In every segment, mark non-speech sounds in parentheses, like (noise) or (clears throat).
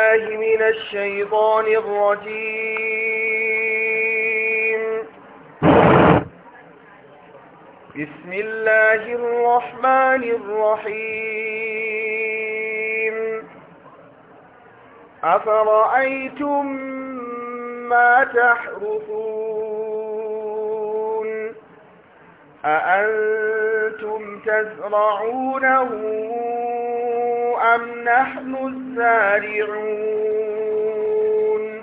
الله من الشيطان الرجيم بسم الله الرحمن الرحيم أفرأيتم ما تحرثون أأنتم تزرعونه أم نحن سارعون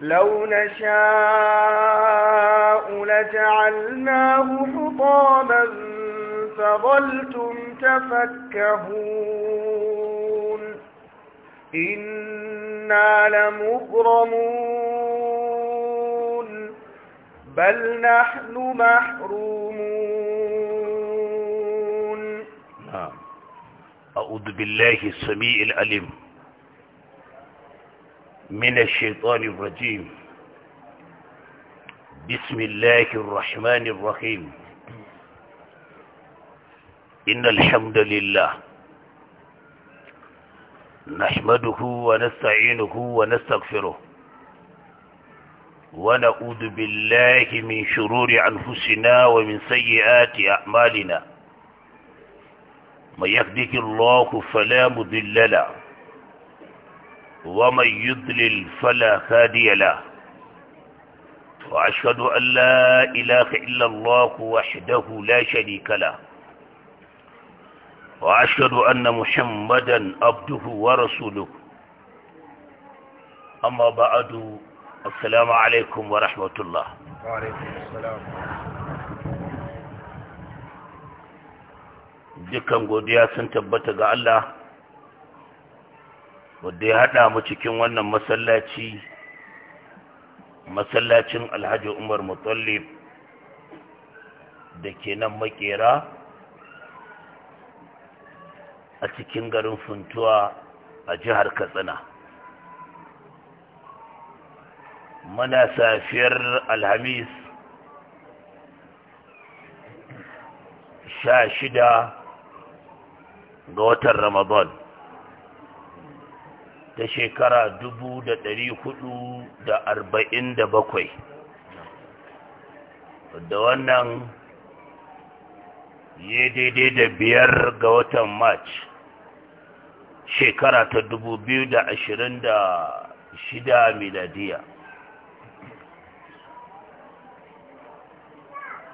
لو نشاء لجعلناه حطاما فظلتم تفكهون إنا لمغرمون بل نحن محرومون أعوذ بالله السميع العليم من الشيطان الرجيم بسم الله الرحمن الرحيم إن الحمد لله نحمده ونستعينه ونستغفره ونعوذ بالله من شرور أنفسنا ومن سيئات أعمالنا من يهده الله فلا مضل له ومن يضلل فلا هادي له وأشهد أن لا إله إلا الله وحده لا شريك له وأشهد أن محمدا عبده ورسوله أما بعد السلام عليكم ورحمة الله وعليكم السلام dukkan godiya sun tabbata ga Allah wadda ya haɗa mu cikin wannan masallaci masallacin alhaji umar mutallib da ke nan makera a cikin garin funtuwa a jihar katsina mana safiyar alhamis sha shida ga watan ramadan ta shekara dubu da ɗari hudu da arba'in da bakwai da wannan ya daidai da biyar ga watan march shekara ta dubu biyu da ashirin da shida miladiya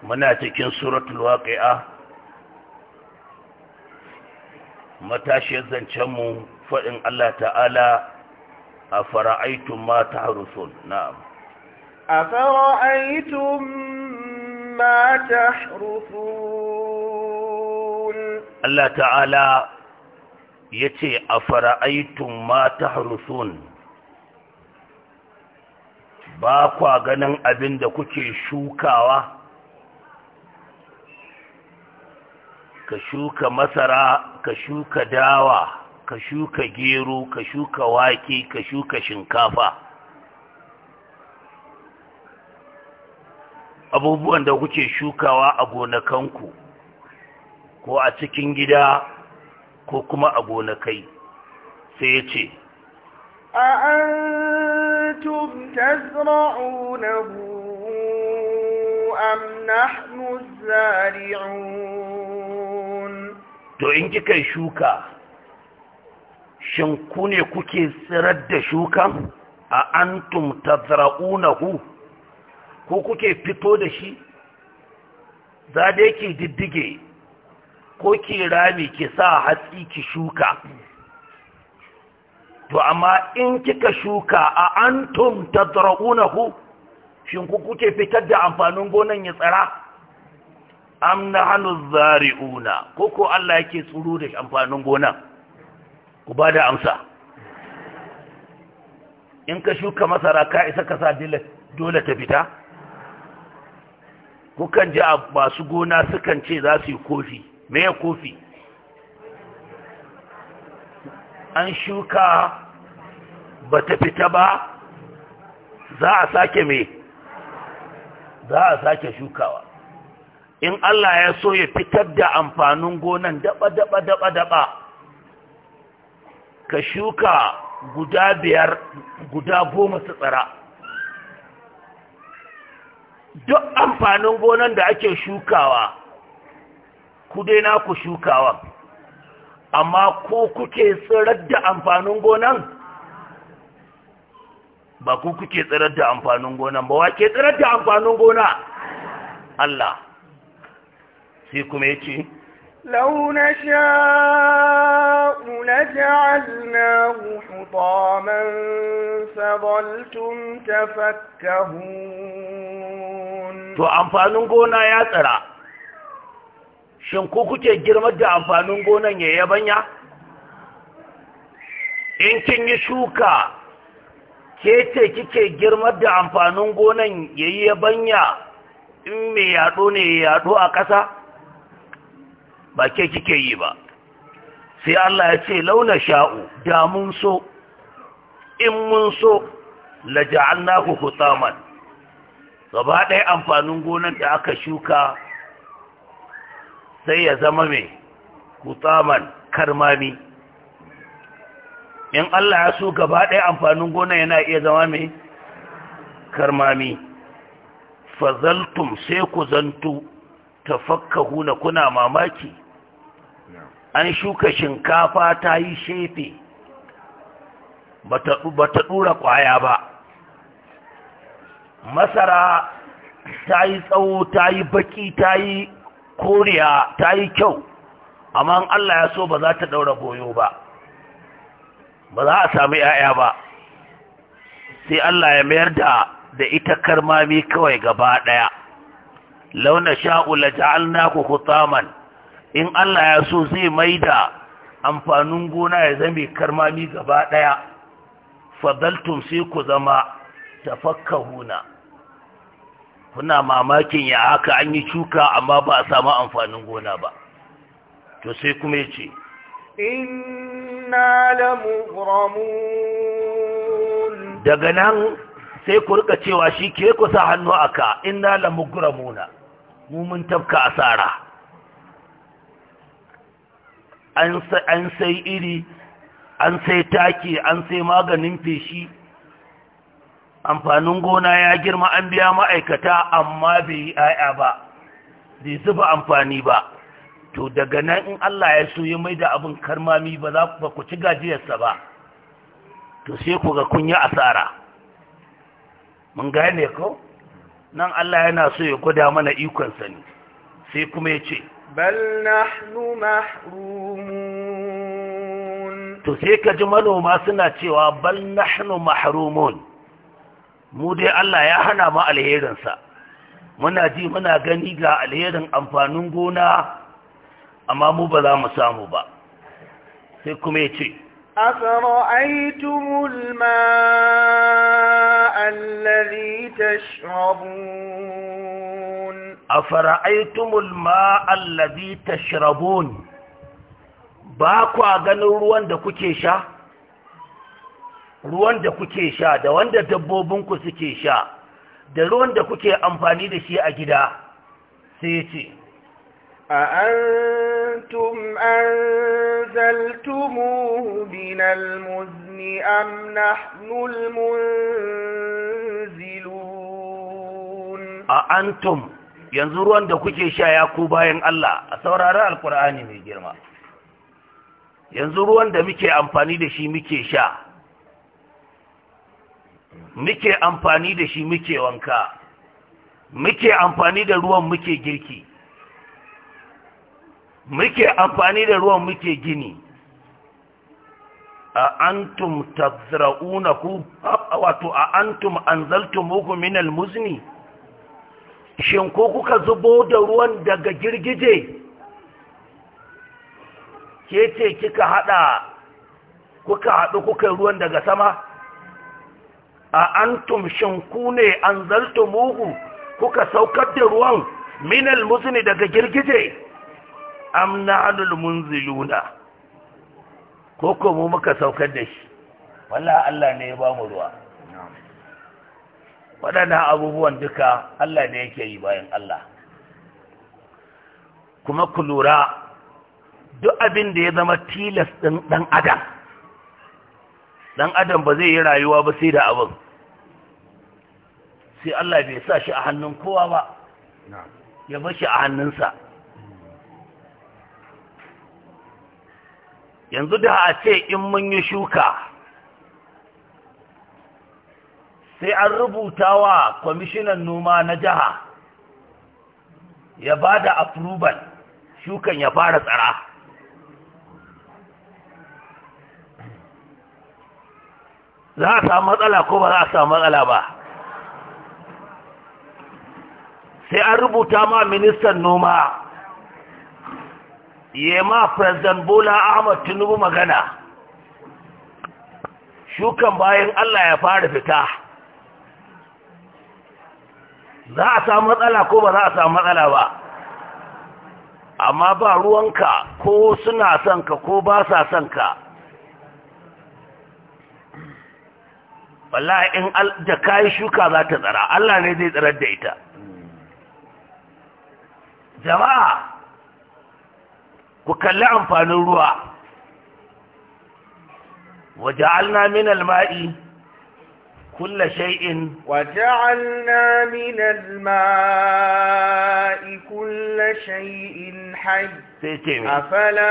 muna cikin suratul waƙi'a matashiyar zancenmu faɗin Allah ta'ala a fara'aitun ma ta harusun na'am a fara'aitun ma ta harusun Allah ta'ala ya ce a fara'aitun ma ta harusun ba kwa ganin abin da kuke shukawa ka shuka masara ka shuka dawa ka shuka gero ka shuka wake ka shuka shinkafa abubuwan da kuke shukawa a gonakanku ko a cikin gida ko kuma a gonakai sai ya ce أأنتم تزرعونه أم نحن الزارعون to in kika shuka shin ku ne kuke tsirar da shukan a antum tazra'unahu ko kuke fito da shi za da yake diddige ko ki rami ki sa hatsi ki shuka to amma in kika shuka a antum tazra'unahu shin ku kuke fitar da amfanin gonan ya tsara Amna nahnu zari'una ko ko Allah yake tsuro da amfanin gona ku ba da amsa in ka shuka masara ka isa ka sa dole ta fita kukan ji a masu gona sukan ce za su yi kofi me ya kofi an shuka ba ta fita ba za a sake me za a sake shukawa in Allah ya so ya fitar da amfanin gonan daba daba daba daba ka shuka guda biyar guda goma su tsara duk amfanin gonan da ake shukawa ku na ku shukawa amma ko kuke tsirar da amfanin gonan ba ku kuke tsirar da amfanin gonan ba wa ke tsirar da amfanin gona Allah sai kuma ya ce لو نشاء لجعلناه حطاما فظلتم hun. to amfanin gona ya tsara shin ku kuke girmar da amfanin gonan ya yabanya in kin yi shuka ke ce kike girmar da amfanin gonan ya yi yabanya in mai yaɗo ne ya yaɗo a ƙasa ba ke kike yi ba sai Allah ya ce launa sha'u da mun so in mun so la ja'alnahu hutaman gaba ɗaya amfanin gonan da aka shuka sai ya zama mai hutaman karmami in Allah ya so gaba ɗaya amfanin gonan yana iya zama mai karmami fazaltum sai ku zantu tafakkahu na kuna mamaki an shuka shinkafa ta yi shefe ba ta ɗura kwaya ba masara ta yi tsawo ta yi baki ta yi koriya ta yi kyau amma Allah ya so ba za ta ɗaura goyo ba ba za a sami ‘ya'ya ba sai Allah ya mayar da da ita karmami kawai gaba ɗaya launa sha'ula naku ku in Allah ya so zai mai da amfanin gona ya zame karmami gaba ɗaya, fadaltum sai ku zama huna. kuna mamakin ya haka an yi cuka amma ba a samu amfanin gona ba to sai kuma ya ce inna lamugramun daga nan sai ku rika cewa shi ke kusa hannu aka inna lamugramuna mu mun tafka asara an sai iri an sai take, an sai maganin feshi amfanin gona ya girma an biya ma'aikata amma bai yi aya ba bai zuba amfani ba to daga nan in Allah ya so ya mai da abin karmami ba za ku ci gajiyarsa ba to sai ku ga kun yi asara mun gane ko nan Allah yana so ya gwada mana ikonsa ne sai kuma ya ce bal nahnu mahrumun to sai ka ji manoma suna cewa bal nahnu mahrumun mu dai Allah ya hana mu sa muna ji muna gani ga alherin amfanin gona amma mu ba za mu samu ba sai kuma ya ce أفرأيتم الماء الذي تشربون أفرأيتم الماء الذي تشربون باكو أغنوا روان دا كتشا ruwan da kuke sha da wanda dabbobinku suke sha da ruwan da kuke amfani da shi a gida sai ce أأنتم أنزلتموه من المزن أم نحن المنزلون أأنتم yanzu ruwan da kuke sha ya bayan Allah a sauraron alkur'ani mai girma yanzu ruwan da muke amfani da shi muke sha muke amfani da shi muke wanka muke amfani da ruwan muke girki muke amfani da ruwan muke gini a antum tazra'unahu wato a antum anzaltumuhu min almuzni shin ko kuka zubo da ruwan daga girgije ke ce kika hada kuka hadu kuka ruwan daga sama a antum shin ku ne anzaltumuhu kuka saukar da ruwan min almuzni daga girgije am na'anul munziluna ko ko mu muka saukar da shi wallahi Allah ne ya ba mu ruwa waɗannan abubuwan duka Allah ne yake yi bayan Allah kuma ku lura duk abin da ya zama tilas ɗin ɗan adam ɗan adam ba zai yi rayuwa ba sai da abin sai Allah bai sa shi a hannun kowa ba ya bar shi a hannunsa yanzu da a ce in mun yi shuka sai an rubuta wa kwamishinan noma na jiha ya ba da approval shukan ya fara tsara za a samu matsala ko ba za a samu matsala ba sai an rubuta ma ministan noma ya ma president bola ahmad tinubu magana shukan bayan allah ya fara fita za a samu matsala ko ba za a samu matsala ba amma ba ruwanka ko suna son ka ko ba sa son ka wallahi in da shuka za ta tsara allah ne zai tsirar da ita jama'a ku kalli amfanin ruwa waja'alna min alma'i kulla shay'in waja'alna min alma'i kulla shay'in hayy sai ce me afala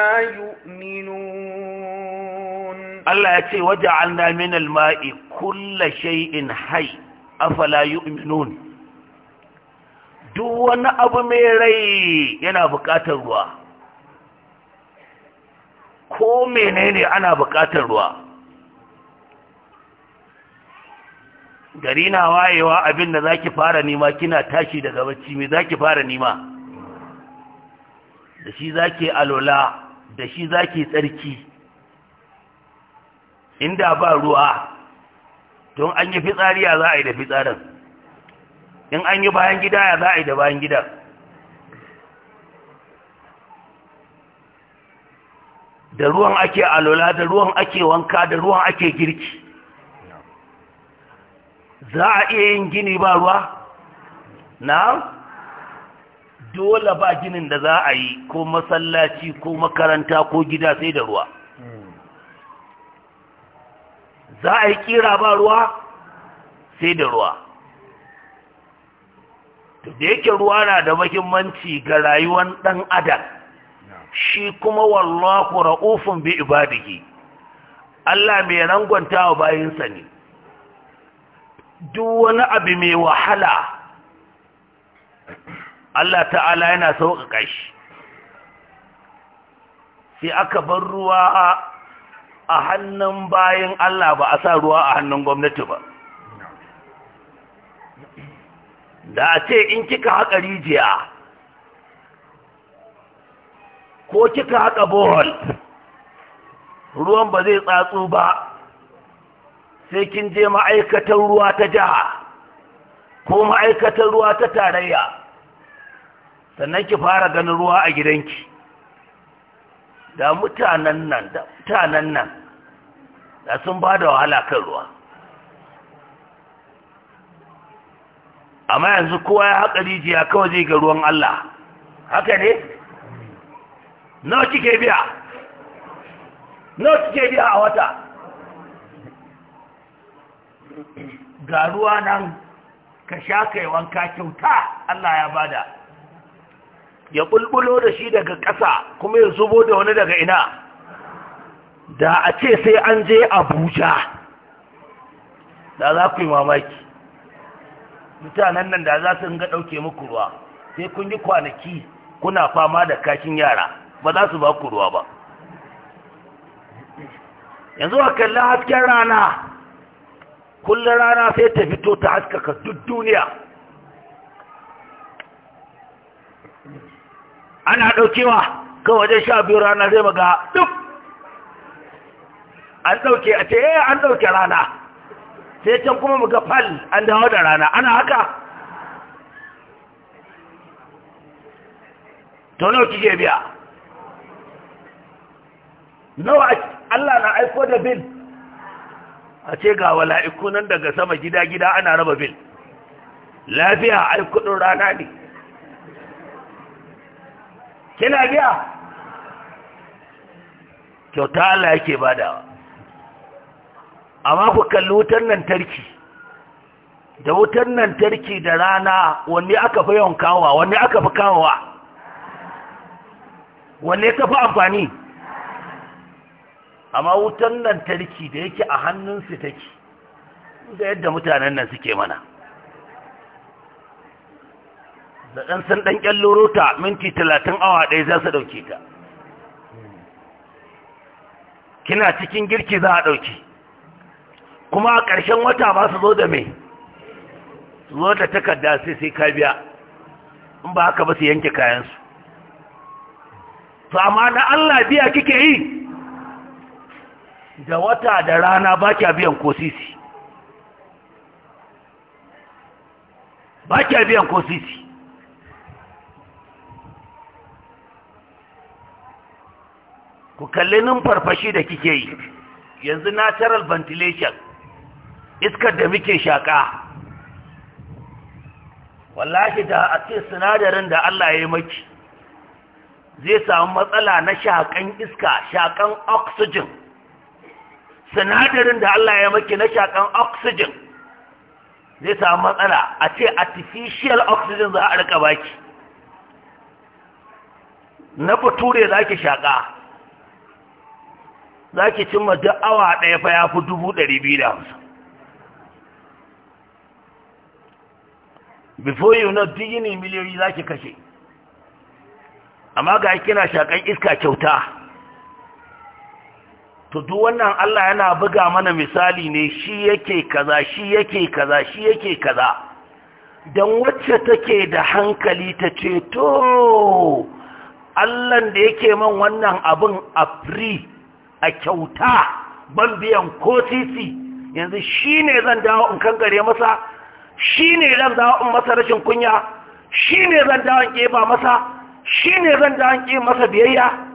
Allah ya ce waja'alna min alma'i kulla shay'in hayy afala yu'minun duk wani abu mai rai yana buƙatar ruwa ko menene ana buƙatar ruwa gari na wayewa abin da zaki fara nima kina tashi daga bacci me zaki fara nima da shi zaki alola da shi zaki tsarki inda ba ruwa don an yi fitsariya za a yi da fitsarin in an yi bayan gida ya za a yi da bayan gidan da ruwan ake alola da ruwan ake wanka da ruwan ake girki za a iya yin gini ba ruwa na dole ba ginin da za a yi ko masallaci ko makaranta ko gida sai da ruwa za a yi kira ba ruwa sai da ruwa da yake ruwa na da mahimmanci ga rayuwar ɗan adam shi kuma wallahu ra'ufun bi ibadihi Allah mai rangwanta wa bayinsa ne duk wani abu mai wahala Allah ta'ala yana sauƙaƙa shi sai aka bar ruwa a hannun bayan Allah ba a sa ruwa a hannun gwamnati ba da a ce in kika haƙa rijiya ko kika haka bohol ruwan ba zai tsatsu ba sai kin je ma'aikatar ruwa ta jiha ko ma'aikatar ruwa ta tarayya sannan ki fara ganin ruwa a gidanki da mutanen nan da mutanen nan da sun ba da wahala kan ruwa amma yanzu kowa ya haƙa rijiya kawai zai ga ruwan Allah haka ne? nawa kike biya nawa kike biya a wata ga ruwa nan ka sha kai wanka kyauta Allah ya bada ya bulbulo da shi daga ƙasa kuma ya zubo da wani daga ina da a ce sai an je abuja da za ku yi mamaki mutanen nan da za su ga ɗauke muku ruwa sai kun yi kwanaki kuna fama da kashin yara ba za su ba ku ruwa ba yanzu a kalla hasken rana kullum rana sai ta fito ta haskaka duk duniya ana ɗaukewa kan wajen sha biyu rana zai maga duk an ɗauke a ce eh an ɗauke rana sai can kuma maga fal an dawo da rana ana haka tono kike biya nawa Allah na aiko da bil a ce ga wala'iku nan daga sama gida-gida ana raba bil lafiya ai kudin rana ne kina biya kyauta Allah yake badawa amma ku kalli wutar lantarki da wutar lantarki da rana wanne aka fi yawan kawowa wanne aka fi kawowa wanne ta fi amfani amma wutan lantarki da yake a hannunsu take da yadda mutanen nan suke mana da ɗan san ɗan ƙyalloro ta minti talatin awa ɗaya za su ɗauke ta kina cikin girki za a ɗauki kuma a ƙarshen wata ba su zo da mai zo da takarda sai sai ka biya in ba haka ba su yanke kayansu to amma na Allah biya kike yi da wata da rana ba kya biyan ko ba kya biyan ko ku kalli numfarfashi da kike yi yanzu natural ventilation iskar da muke shaƙa wallahi da a ce sinadarin da Allah ya yi maki zai samu matsala na shaƙan iska shaƙan oxygen sinadarin da Allah ya maki na shakan oxygen zai samu matsala a ce artificial oxygen za a rika baki na bature za ki shaƙa za ki cimma duk awa ɗaya fa ya fi dubu ɗari biyu da hamsin before you know duk miliyoyi za ki kashe amma ga kina shaƙan iska kyauta to duk wannan Allah yana buga mana misali ne shi yake kaza shi yake kaza shi yake kaza don wacce take da hankali ta ce to Allahn da yake man wannan abin a free a kyauta ban biyan ko titi yanzu shi ne zan dawo in kankare masa shi ne zan dawo in masa rashin kunya shi ne zan dawo in ƙeba masa shi ne zan dawo in masa biyayya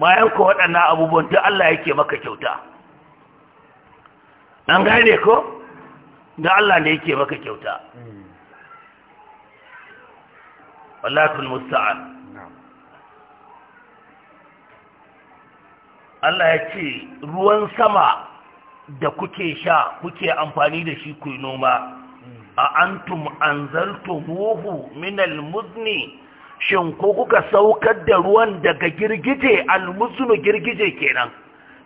bayan ko waɗannan abubuwan duk Allah yake maka kyauta an gane ko da Allah ne yake maka kyauta wallahi musta'an Allah ya ce ruwan sama da kuke sha kuke amfani da shi ku noma mm. a antum anzaltumuhu min al-muzni shin ko kuka saukar da ruwan daga girgije almuzunu girgije kenan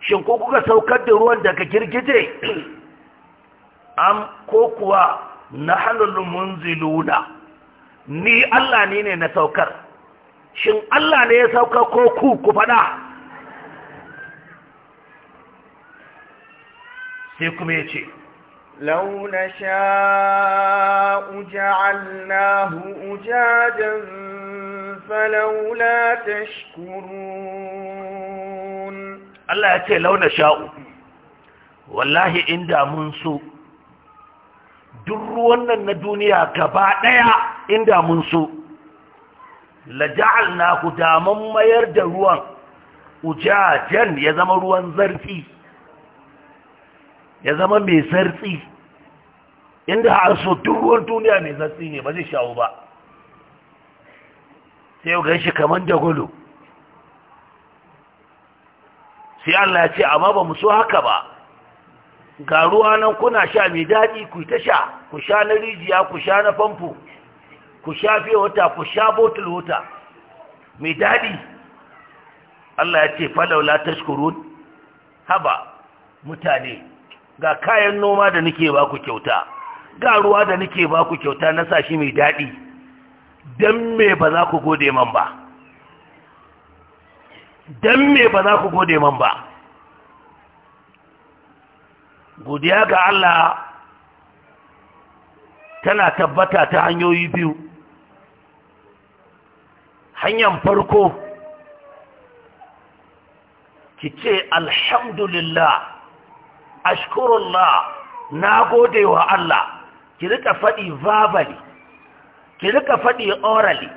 shin ko kuka saukar da ruwan daga girgije (clears throat) am ko kuwa nahlul munziluna ni Allah ne ne na saukar shin Allah ne ya saukar ko ku ku fada sai kuma ya ce لو نشاء جعلناه فلولا تشكرون الله يتي لو نشاء والله إن منسو duk ruwan nan na duniya gaba ɗaya inda mun so laja'al na ku daman mayar da ruwan ujajen ya zama ruwan zartsi ya zama mai zartsi inda har so duk ruwan duniya mai zartsi ne ba zai shawo ba sai yau shi kamar da gudu sai Allah ya ce amma ba mu so haka ba ga ruwa nan kuna sha mai daɗi ku ta sha ku sha na rijiya ku sha na famfo ku sha fiye wata ku sha botul wata mai daɗi Allah ya ce ta tashkurun haba mutane ga kayan noma da nake ba ku kyauta ga ruwa da nake ba ku kyauta na sashi mai daɗi Dan me ba za ku gode man ba don me ba za ku gode man ba godiya ga Allah tana tabbata ta hanyoyi biyu hanyar farko ki ce alhamdulillah ashkurullah na gode wa Allah ki rika faɗi verbally ki rika faɗi orally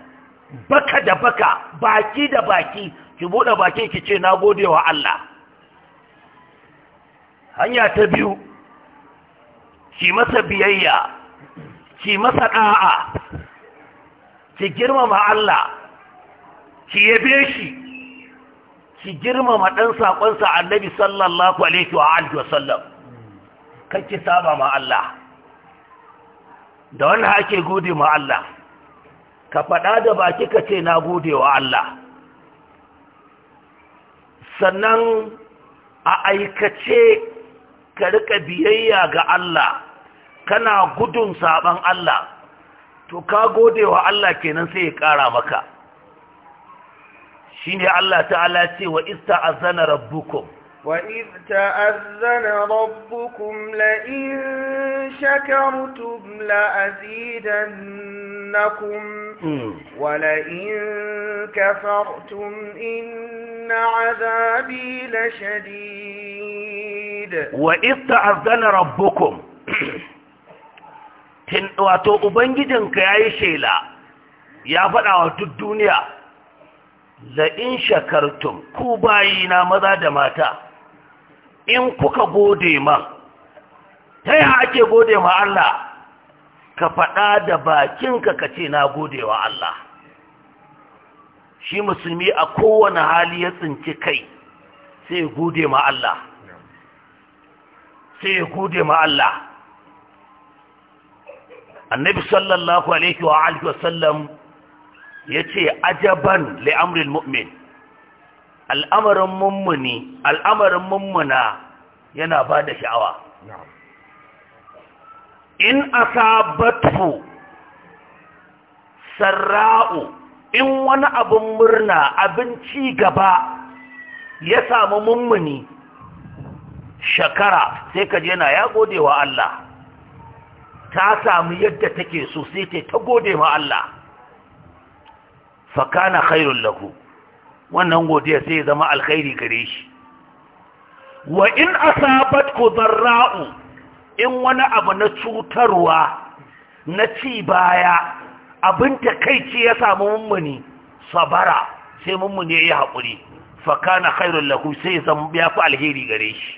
baka da baka baki da baki ki buɗe baki ki ce na gode wa Allah hanya ta biyu ki masa biyayya ki masa ɗa'a ki girmama Allah ki yabe shi ki girmama ɗan saƙonsa annabi sallallahu alaihi wa alihi wasallam kan ki saba ma Allah da wannan ake gode ma Allah ka faɗa da baki ka ce na gode wa Allah sannan a aikace ka rika biyayya ga Allah kana gudun saban Allah to ka gode wa Allah kenan sai ya ƙara maka shine Allah ta'ala ce wa ista'azana rabbukum وإذ تأذن ربكم لئن شكرتم لأزيدنكم ولئن كفرتم إن عذابي لشديد وإذ تأذن ربكم wato ubangijinka ya yi shela ya faɗa wa duk duniya la'in shakartum ku bayina maza da mata in kuka gode ma ta yi ake gode ma Allah ka faɗa da bakinka ka ce na gode wa Allah shi musulmi a kowane hali ya tsinci kai sai ya gode ma Allah sai ya gode ma Allah annabi sallallahu alaihi wa alihi ya ce ajaban li'amril mu'min al'amarin mummuni al'amarin mummuna yana ba da sha'awa in a sabatu sarra'u in wani abin murna abin ci gaba ya samu mummuni shakara sai ka je na ya gode wa Allah ta samu yadda take so sai ta gode wa Allah kana khairul lahu wannan godiya sai zama alkhairi gare shi wa in asabat ku zarra'u in wani abu na cutarwa na ci baya abin ta takaici ya samu mummuni sabara sai mummuni ya yi haƙuri fakana khairun lahu sai ya fi alheri gare shi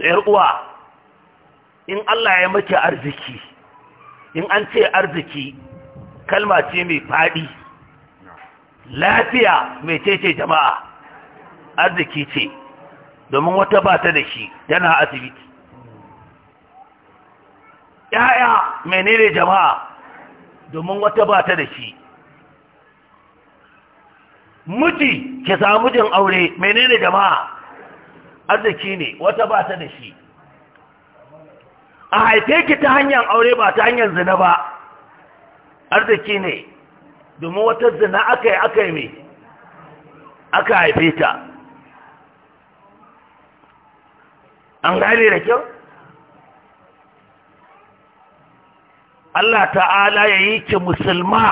sayar uwa in Allah ya maki arziki in an ce arziki kalma ce mai faɗi lafiya mai cece jama'a arziki ce domin wata ba ta da shi tana asibiti ‘ya'ya menene jama'a domin wata ba ta da shi miji ke samu jin aure menene jama'a arziki ne wata ba ta da shi a haife ki ta hanyar aure ba ta hanyar zina ba arziki ne domin wata zina aka yi aka yi mai aka haife ta an gane da kyau Allah ta'ala ya yi ki musulma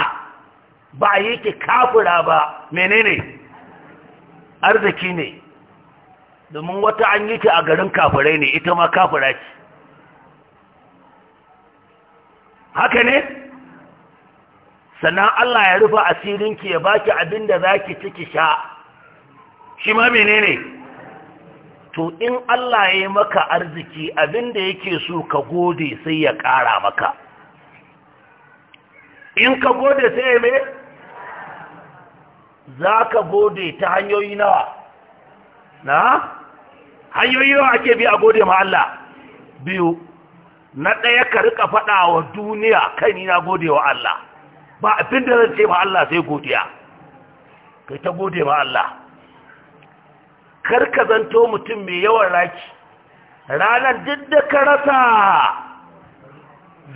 ba a yi ki kafura ba menene arziki ne domin wata an yi ta a garin kafurai ne ita ma kafura ce haka ne? sannan Allah ya rufe asirinki ya baki abin da za ki ciki sha shi ma menene to in Allah ya yi maka arziki abin da yake so ka gode sai ya ƙara maka in ka gode sai ya me za ka gode ta hanyoyi nawa na hanyoyi nawa ake bi a gode ma Allah biyu na ɗaya ka riƙa faɗa wa duniya kai ni na gode wa Allah ba abin da zan ce ma Allah sai godiya kai ta gode ma Allah kar ka zanto mutum mai yawan raki ranar duk da ka rasa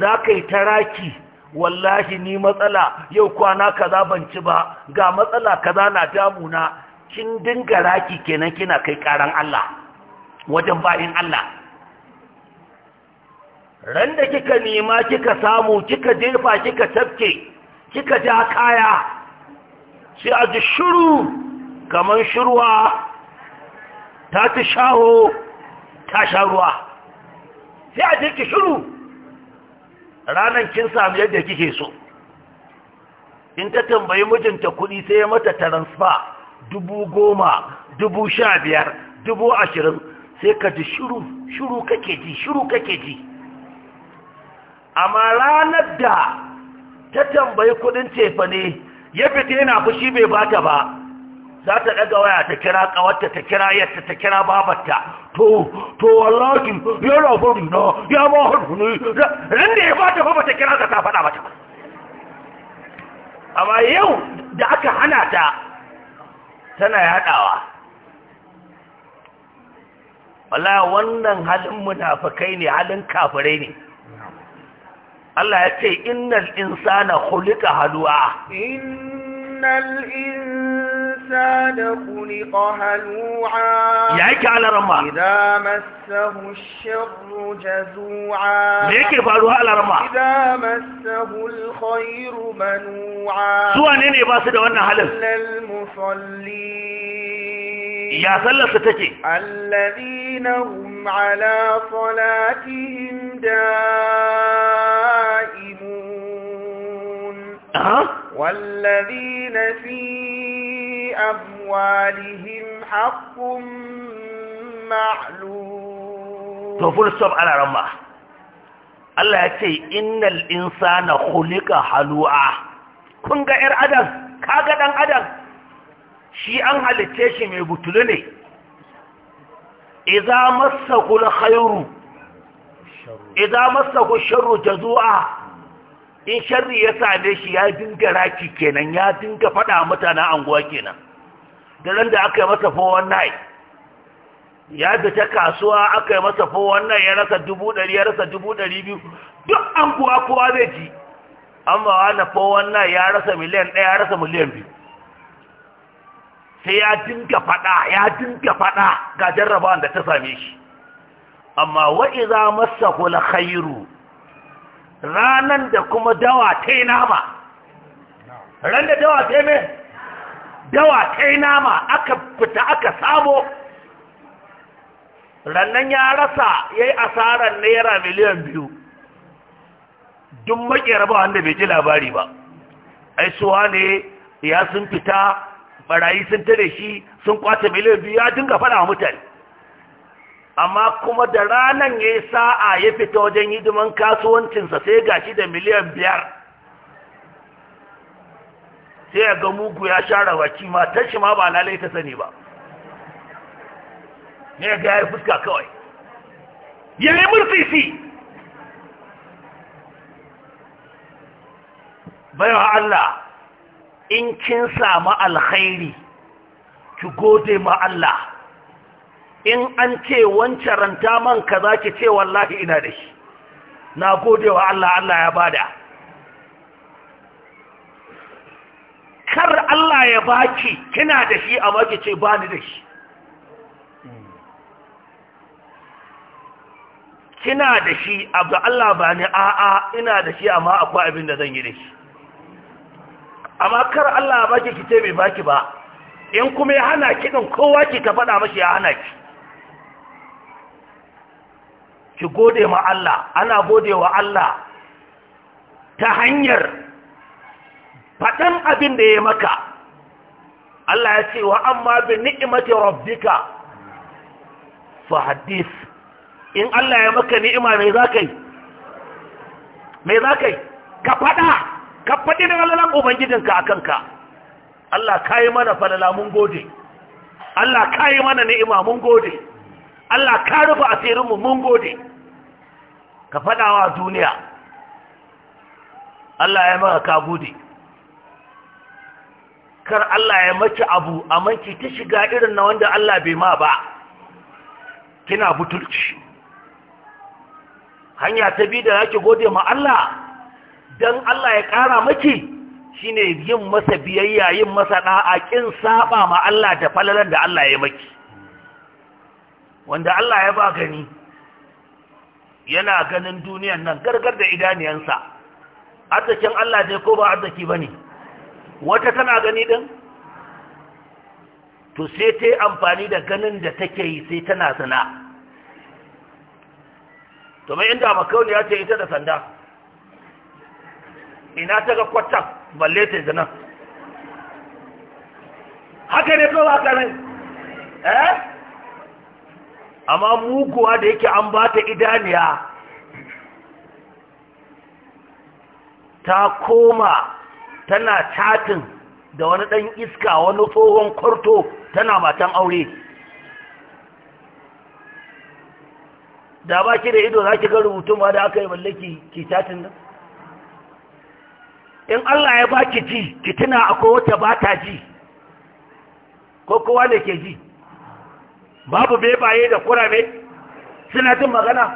za ka yi ta raki wallahi ni matsala yau kwana kaza ban ci ba ga matsala kaza na damuna kin dinga raki kenan kina kai karan Allah wajen bayin Allah Randa kika nema kika samu kika jefa kika tafke kika ja kaya sai a ji shuru kamar shuruwa ta ci shaho ta sha ruwa sai a ji ki shuru ranar kin sami yadda kike so in ta tambayi mijinta kuɗi sai ya mata taransfa dubu goma dubu sha biyar dubu ashirin sai ka ji shuru shuru kake ji shuru kake ji amma ranar da ta tambayi kudin tefa ne ya fita yana fushi bai bata ba za ta daga waya ta kira kawarta ta kira yadda ta kira babarta to to wallahi yana bari na ya ma hannu ne ran da ya bata ba ta kira ka ta faɗa mata amma yau da aka hana ta tana yaɗawa wallahi wannan halin munafakai ne halin kafirai ne Allah ya ce innal insana khuliqa halu'a innal insana khuliqa halu'a ya yake alarma idza massahu ash-sharru jazu'a me yake faruwa alarma idza massahu al-khayru manu'a su ne ne ba su da wannan halin lil musallin يا سلستكي الذين هم على صلاتهم دائمون أه؟ والذين في أموالهم حق معلوم توفل السبع على رمى الله يكي إن الإنسان خلق حلوعة كنك إرعدا كاكدا أدب shi an halitta shi mai butulu ne idza massahu alkhairu idza massahu sharru jazua in sharri ya same shi ya dinga raki kenan ya dinga fada mutanen anguwa kenan da ran da aka yi masa fo wannan ya fita kasuwa aka yi masa fo wannan ya rasa dubu ɗari ya rasa dubu ɗari biyu duk anguwa kowa zai ji amma wani fo wannan ya rasa miliyan ɗaya ya rasa miliyan biyu sai ya dinka fada ya dinka fada ga jarrabawan da ta same shi amma wa iza massahu khairu ranan da kuma dawa ta nama ran da dawa ta me dawa ta nama aka fita aka samo rannan ya rasa yayi asaran naira miliyan biyu duk makera ba wanda bai ji labari ba ai ne ya sun fita barayi sun tare shi sun kwace miliyan biyu ya dinga fada wa mutane amma kuma da ranan ya yi sa'a ya fita wajen hidiman kasuwancinsa sai ga shi da miliyan biyar sai ya ga mugu ya share waki matar shi ma ba lalai ta sani ba ne ga ya fuska kawai ya yi murfisi bayan Allah in kin samu alkhairi ki gode ma Allah in an ce wancan ranta man kaza ki ce wallahi ina da shi na gode wa Allah Allah ya bada kar Allah ya baki kina da shi amma ki ce bani da shi kina da shi abu Allah bani a'a ina da shi amma akwai abin da zan yi da shi amma kar Allah ya baki kice bai baki ba in kuma ya hana ki din kowa ki ka faɗa mashi ya hana ki ki gode ma Allah ana gode wa Allah ta hanyar faɗan abin da ya maka Allah ya ce wa amma bi ni'imati rabbika fa hadith in Allah ya maka ni'ima mai zakai mai zakai ka faɗa ka faɗi da falalan ubangijinka a kanka Allah ka yi mana falala mun gode Allah ka yi mana ni'ima mun gode Allah ka rufe asirinmu mun gode ka faɗawa duniya Allah ya maka ka gode kar Allah ya maki abu a manki ta shiga irin na wanda Allah bai ma ba kina butulci hanya ta bi da yake gode ma Allah don Allah ya ƙara maki shine yin masa biyayya yin masa ɗa'a kin saba ma Allah da falalan da Allah ya maki wanda Allah ya ba gani yana ganin duniyan nan gargar da idaniyansa arzikin Allah dai ko ba arziki ba ne wata tana gani ɗin to sai ta yi amfani da ganin da take yi sai tana sana to mai inda makauniya ce ita da sanda ina ta ga kwatan balle ta zina haka ne kawai haka ne eh amma muguwa da yake an ba ta idaniya ta koma tana chatin da wani ɗan iska wani tsohon kwarto tana matan aure da ba ki da ido za ki ga rubutun ma da aka yi mallaki ki chatin nan in Allah ya baki ji ki tuna akwai wata ba ta ji ko kowa ne ke ji babu bebaye da kurame suna jin magana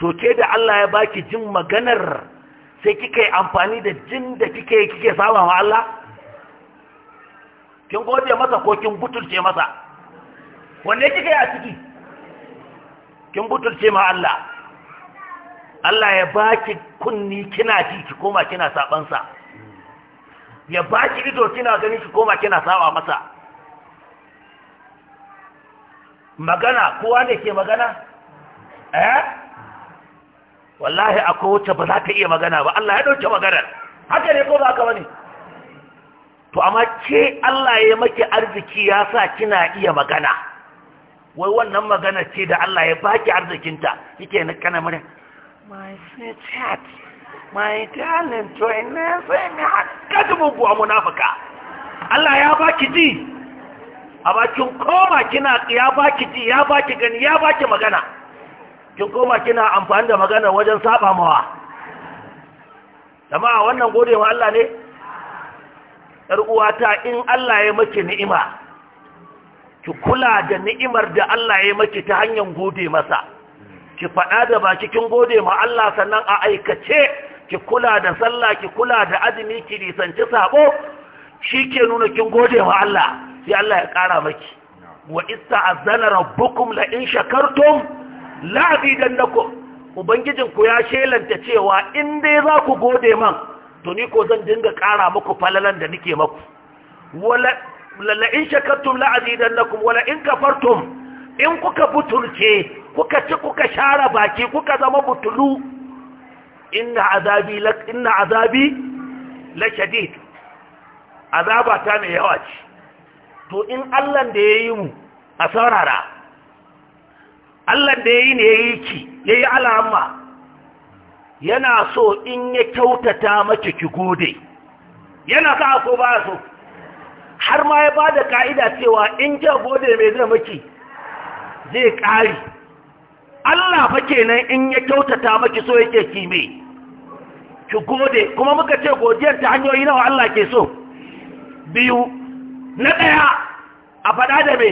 to ke da Allah ya baki jin maganar sai kika yi amfani da jin da kike kike saba wa Allah kin gode masa ko kin butulce masa wanne kike a ciki kin butulce ma Allah Allah ya baki kunni kina ji ki koma kina saban sa ya baki ido kina gani ki koma kina sawa masa magana kowa ne ke magana eh wallahi akwai wacce ba za ta iya magana ba Allah ya dauke maganar haka ne ko ba ka bane to amma ke Allah ya maki arziki ya sa kina iya magana wai wannan magana ce da Allah ya baki arzikinta kike na kana my sweet heart, my darling to ina sai mai haƙaƙi muguwa munafika Allah ya baki ji a bakin koma kina ya baki ji ya baki gani ya baki magana kin koma kina amfani da magana wajen saba mawa jama'a wannan gode wa Allah ne yar uwata in Allah ya miki ni'ima ki kula da ni'imar da Allah ya miki ta hanyar gode masa ki faɗa da ba cikin gode ma Allah sannan a aikace ki kula da sallah ki kula da azumi ki nisanci sabo shi ke nuna kin gode ma Allah sai Allah ya ƙara maki wa ista'azzana rabbukum la in shakartum la azidannakum ubangijin ku ya shelanta cewa in dai za ku gode man to ni ko zan dinga ƙara muku falalan da nike maku wala la in shakartum la azidannakum wala in kafartum in kuka butulce kuka ci kuka share baki kuka zama butulu inna azabi lak inna azabi la shadid azaba ta mai yawa ce to in Allah da yayi mu a saurara Allah da yayi ne yayi ki yayi alama yana so in ya kyautata maki ki gode yana sa ko ba so har ma ya bada ka'ida cewa in ja gode mai zama ki zai ƙare. Allah fa kenan in ya kyautata maki so yake kime ki gode kuma muka ce godiyar ta hanyoyi nawa Allah ke so biyu na daya a faɗa da me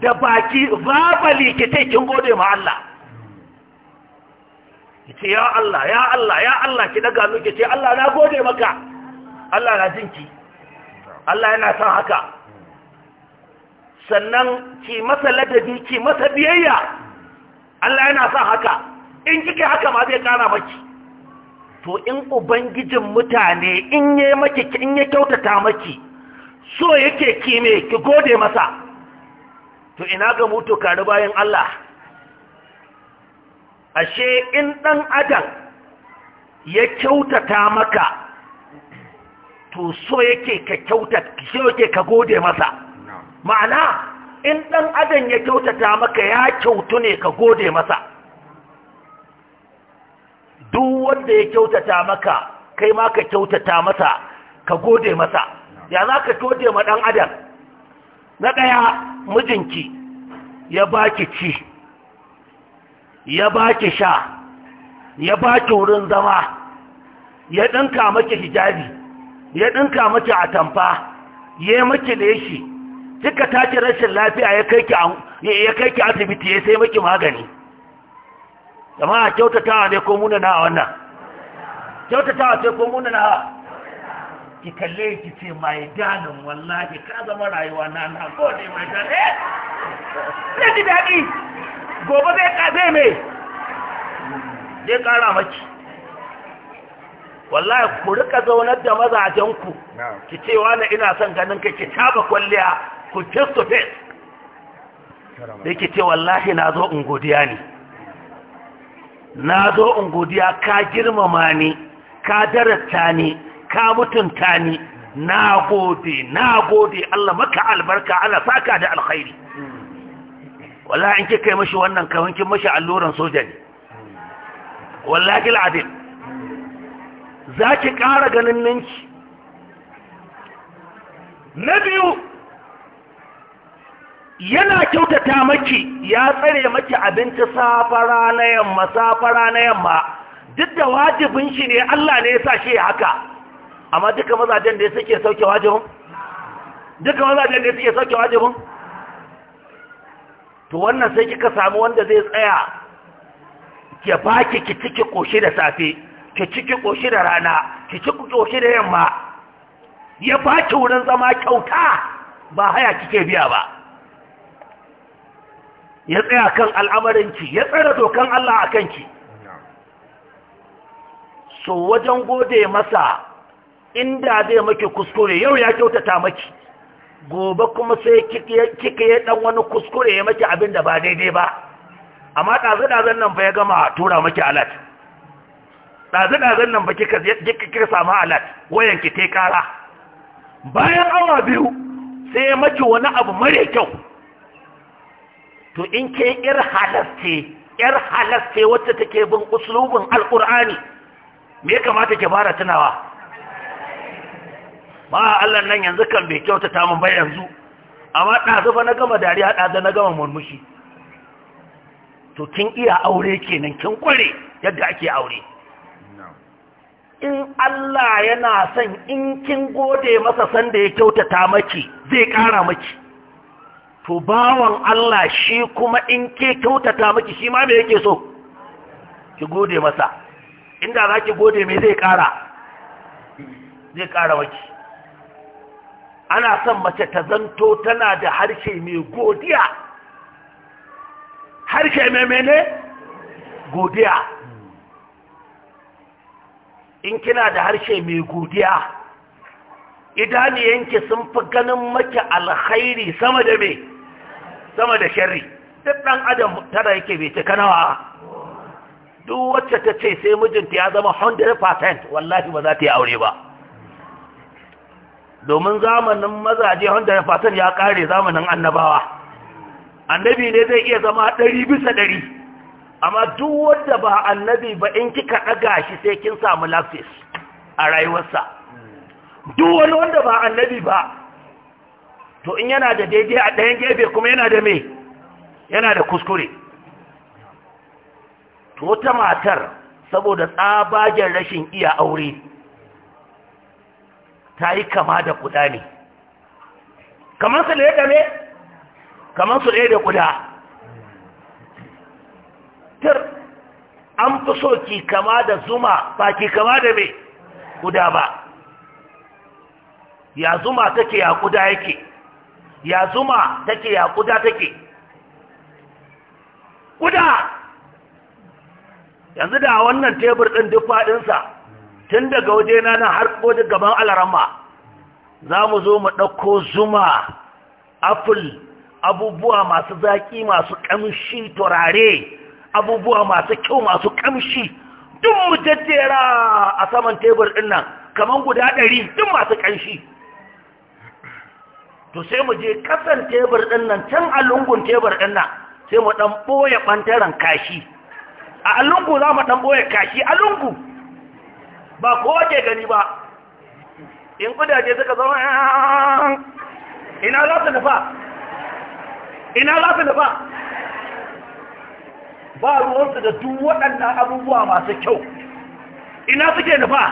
da baki verbally ki ce kin gode ma Allah ki ce ya Allah ya Allah ya Allah ki daga mu ki ce Allah na gode maka Allah na jin ki. Allah yana son haka sannan ki masa ladabi ki masa biyayya Allah yana sa haka in kike haka ma zai kara maki to in ubangijin mutane in ya maki in ye kyautata maki so yake kime ki gode masa to ina ga mutu kare bayan Allah ashe in dan adam ya kyautata maka to so yake ka kyauta so yake ka gode masa ma'ana in ɗan adam ya kyautata maka ya kyautu ne ka gode masa duk wanda ya kyautata maka kai ma ka kyautata masa ka gode masa ya za ka gode ma ɗan adam na ɗaya mijinki ya ba ki ci ya ba ki sha ya ba ki wurin zama ya ɗinka maki hijabi ya ɗinka maki atamfa ya yi maki leshi kika tashi rashin lafiya ya kai ki ya kai ki asibiti ya sai maki magani jama'a kyautatawa ne ko muna na wannan kyautatawa ce ko muna na ki kalle ki ce mai dalin wallahi ka zama rayuwa na na gode mai dalin eh zai ji daɗi gobe zai kaze mai zai ƙara maki wallahi ku rika zaunar da mazajenku ki ce wani ina son ganin ka ki taba kwalliya ku face to da yake ce wallahi na zo in godiya ne na zo in godiya ka girmama ni ka darata ni ka mutunta ni na gode na gode Allah maka albarka ana saka da alkhairi wallahi in kika yi mashi wannan kawai kin mashi alluran soja ne wallahi al'adil ki ƙara ganin ninki na biyu yana kyautata maki ya tsare maki abinci safara na yamma safara na yamma duk da wajibin shi ne Allah ne ya sa shi haka amma duka mazajen da suke sauke wajibin duka mazajen da suke sauke wajibin to wannan sai kika samu wanda zai tsaya ya baki ki ciki koshi da safe ki ciki koshi da rana ki ciki koshi da yamma ya baki wurin zama kyauta ba haya kike biya ba ya tsaya kan al'amarinki ya tsara dokan Allah a kanki so wajen gode masa inda zai maki kuskure yau ya kyautata maki gobe kuma sai kika yi dan wani kuskure ya maki abin da ba daidai ba amma ɗazu-ɗazun nan ba ya gama tura maki alat ɗazu-ɗazun nan ba kika samu alat wayanki te kara bayan awa biyu sai ya maki wani abu mara kyau to in ke ir halarce yar halarce wacce take bin uslubin alkur'ani me ya kamata ke fara tunawa ba Allah nan yanzu kan bai kyautata mun ba yanzu amma ɗazu fa na gama dariya ɗazu na gama murmushi to kin iya aure kenan kin kware yadda ake aure in Allah yana son in kin gode masa sanda ya kyautata maki zai ƙara maki to bawan Allah shi kuma in ke kyautata maki shi ma me yake so ki gode masa inda za ki gode me zai kara zai kara maki ana son mace ta zanto tana da harshe mai godiya harshe mai mene godiya in kina da harshe mai godiya idaniyanki sun fi ganin maki alkhairi sama da mai sama da shari duk ɗan adam tara yake bai cika nawa duk wacce ta ce sai mijinta ya zama 100% wallahi ba za ta yi aure ba domin zamanin mazaje 100% ya kare zamanin annabawa annabi ne zai iya zama 100 bisa 100 amma duk wanda ba annabi ba in kika ɗaga shi sai kin samu lafis a rayuwarsa duk wani wanda ba annabi ba to in yana da daidai a ɗayan gefe kuma yana da me yana da kuskure to ta matar saboda tsabagen rashin iya aure ta yi kama da kuda ne kamar su ɗaya da ne kamar su ɗaya da kuda tir an fi so ki kama da zuma ba ki kama da me kuda ba ya zuma take ya kuda yake ya zuma take ya kuda take kuda yanzu da wannan tebur ɗin duk faɗinsa tun daga waje na nan har da gaban alarama za mu zo mu ɗauko zuma apple abubuwa masu zaƙi masu ƙamshi turare abubuwa masu kyau masu ƙamshi duk mu jajjera a saman tebur ɗin nan kamar guda ɗari duk masu ƙamshi to sai mu je kasan tebur din nan can a lungun tebur din nan sai mu ɗan ɓoye bantaran kashi a lungu za mu ɗan ɓoye kashi a lungu ba kowa ke gani ba in kudaje suka zama ina za su nufa ina za su nufa ba ruwansu da duk waɗannan abubuwa masu kyau ina suke nufa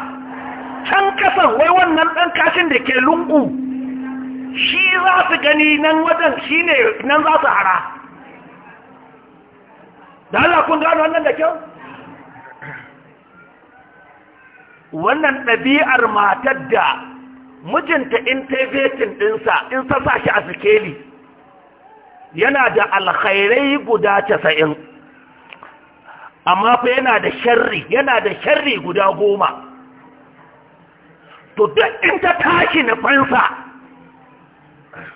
can kasan wai wannan ɗan kashin da ke lungu shi za su gani nan wajen shi ne nan za su hara da Allah kun gano wannan da kyau wannan ɗabi'ar matar da mijinta in taibetin ɗinsa in sassa shi a sikeli yana da alkhairai guda casa'in amma fa yana da sharri yana da sharri guda goma to duk in ta tashi na fansa.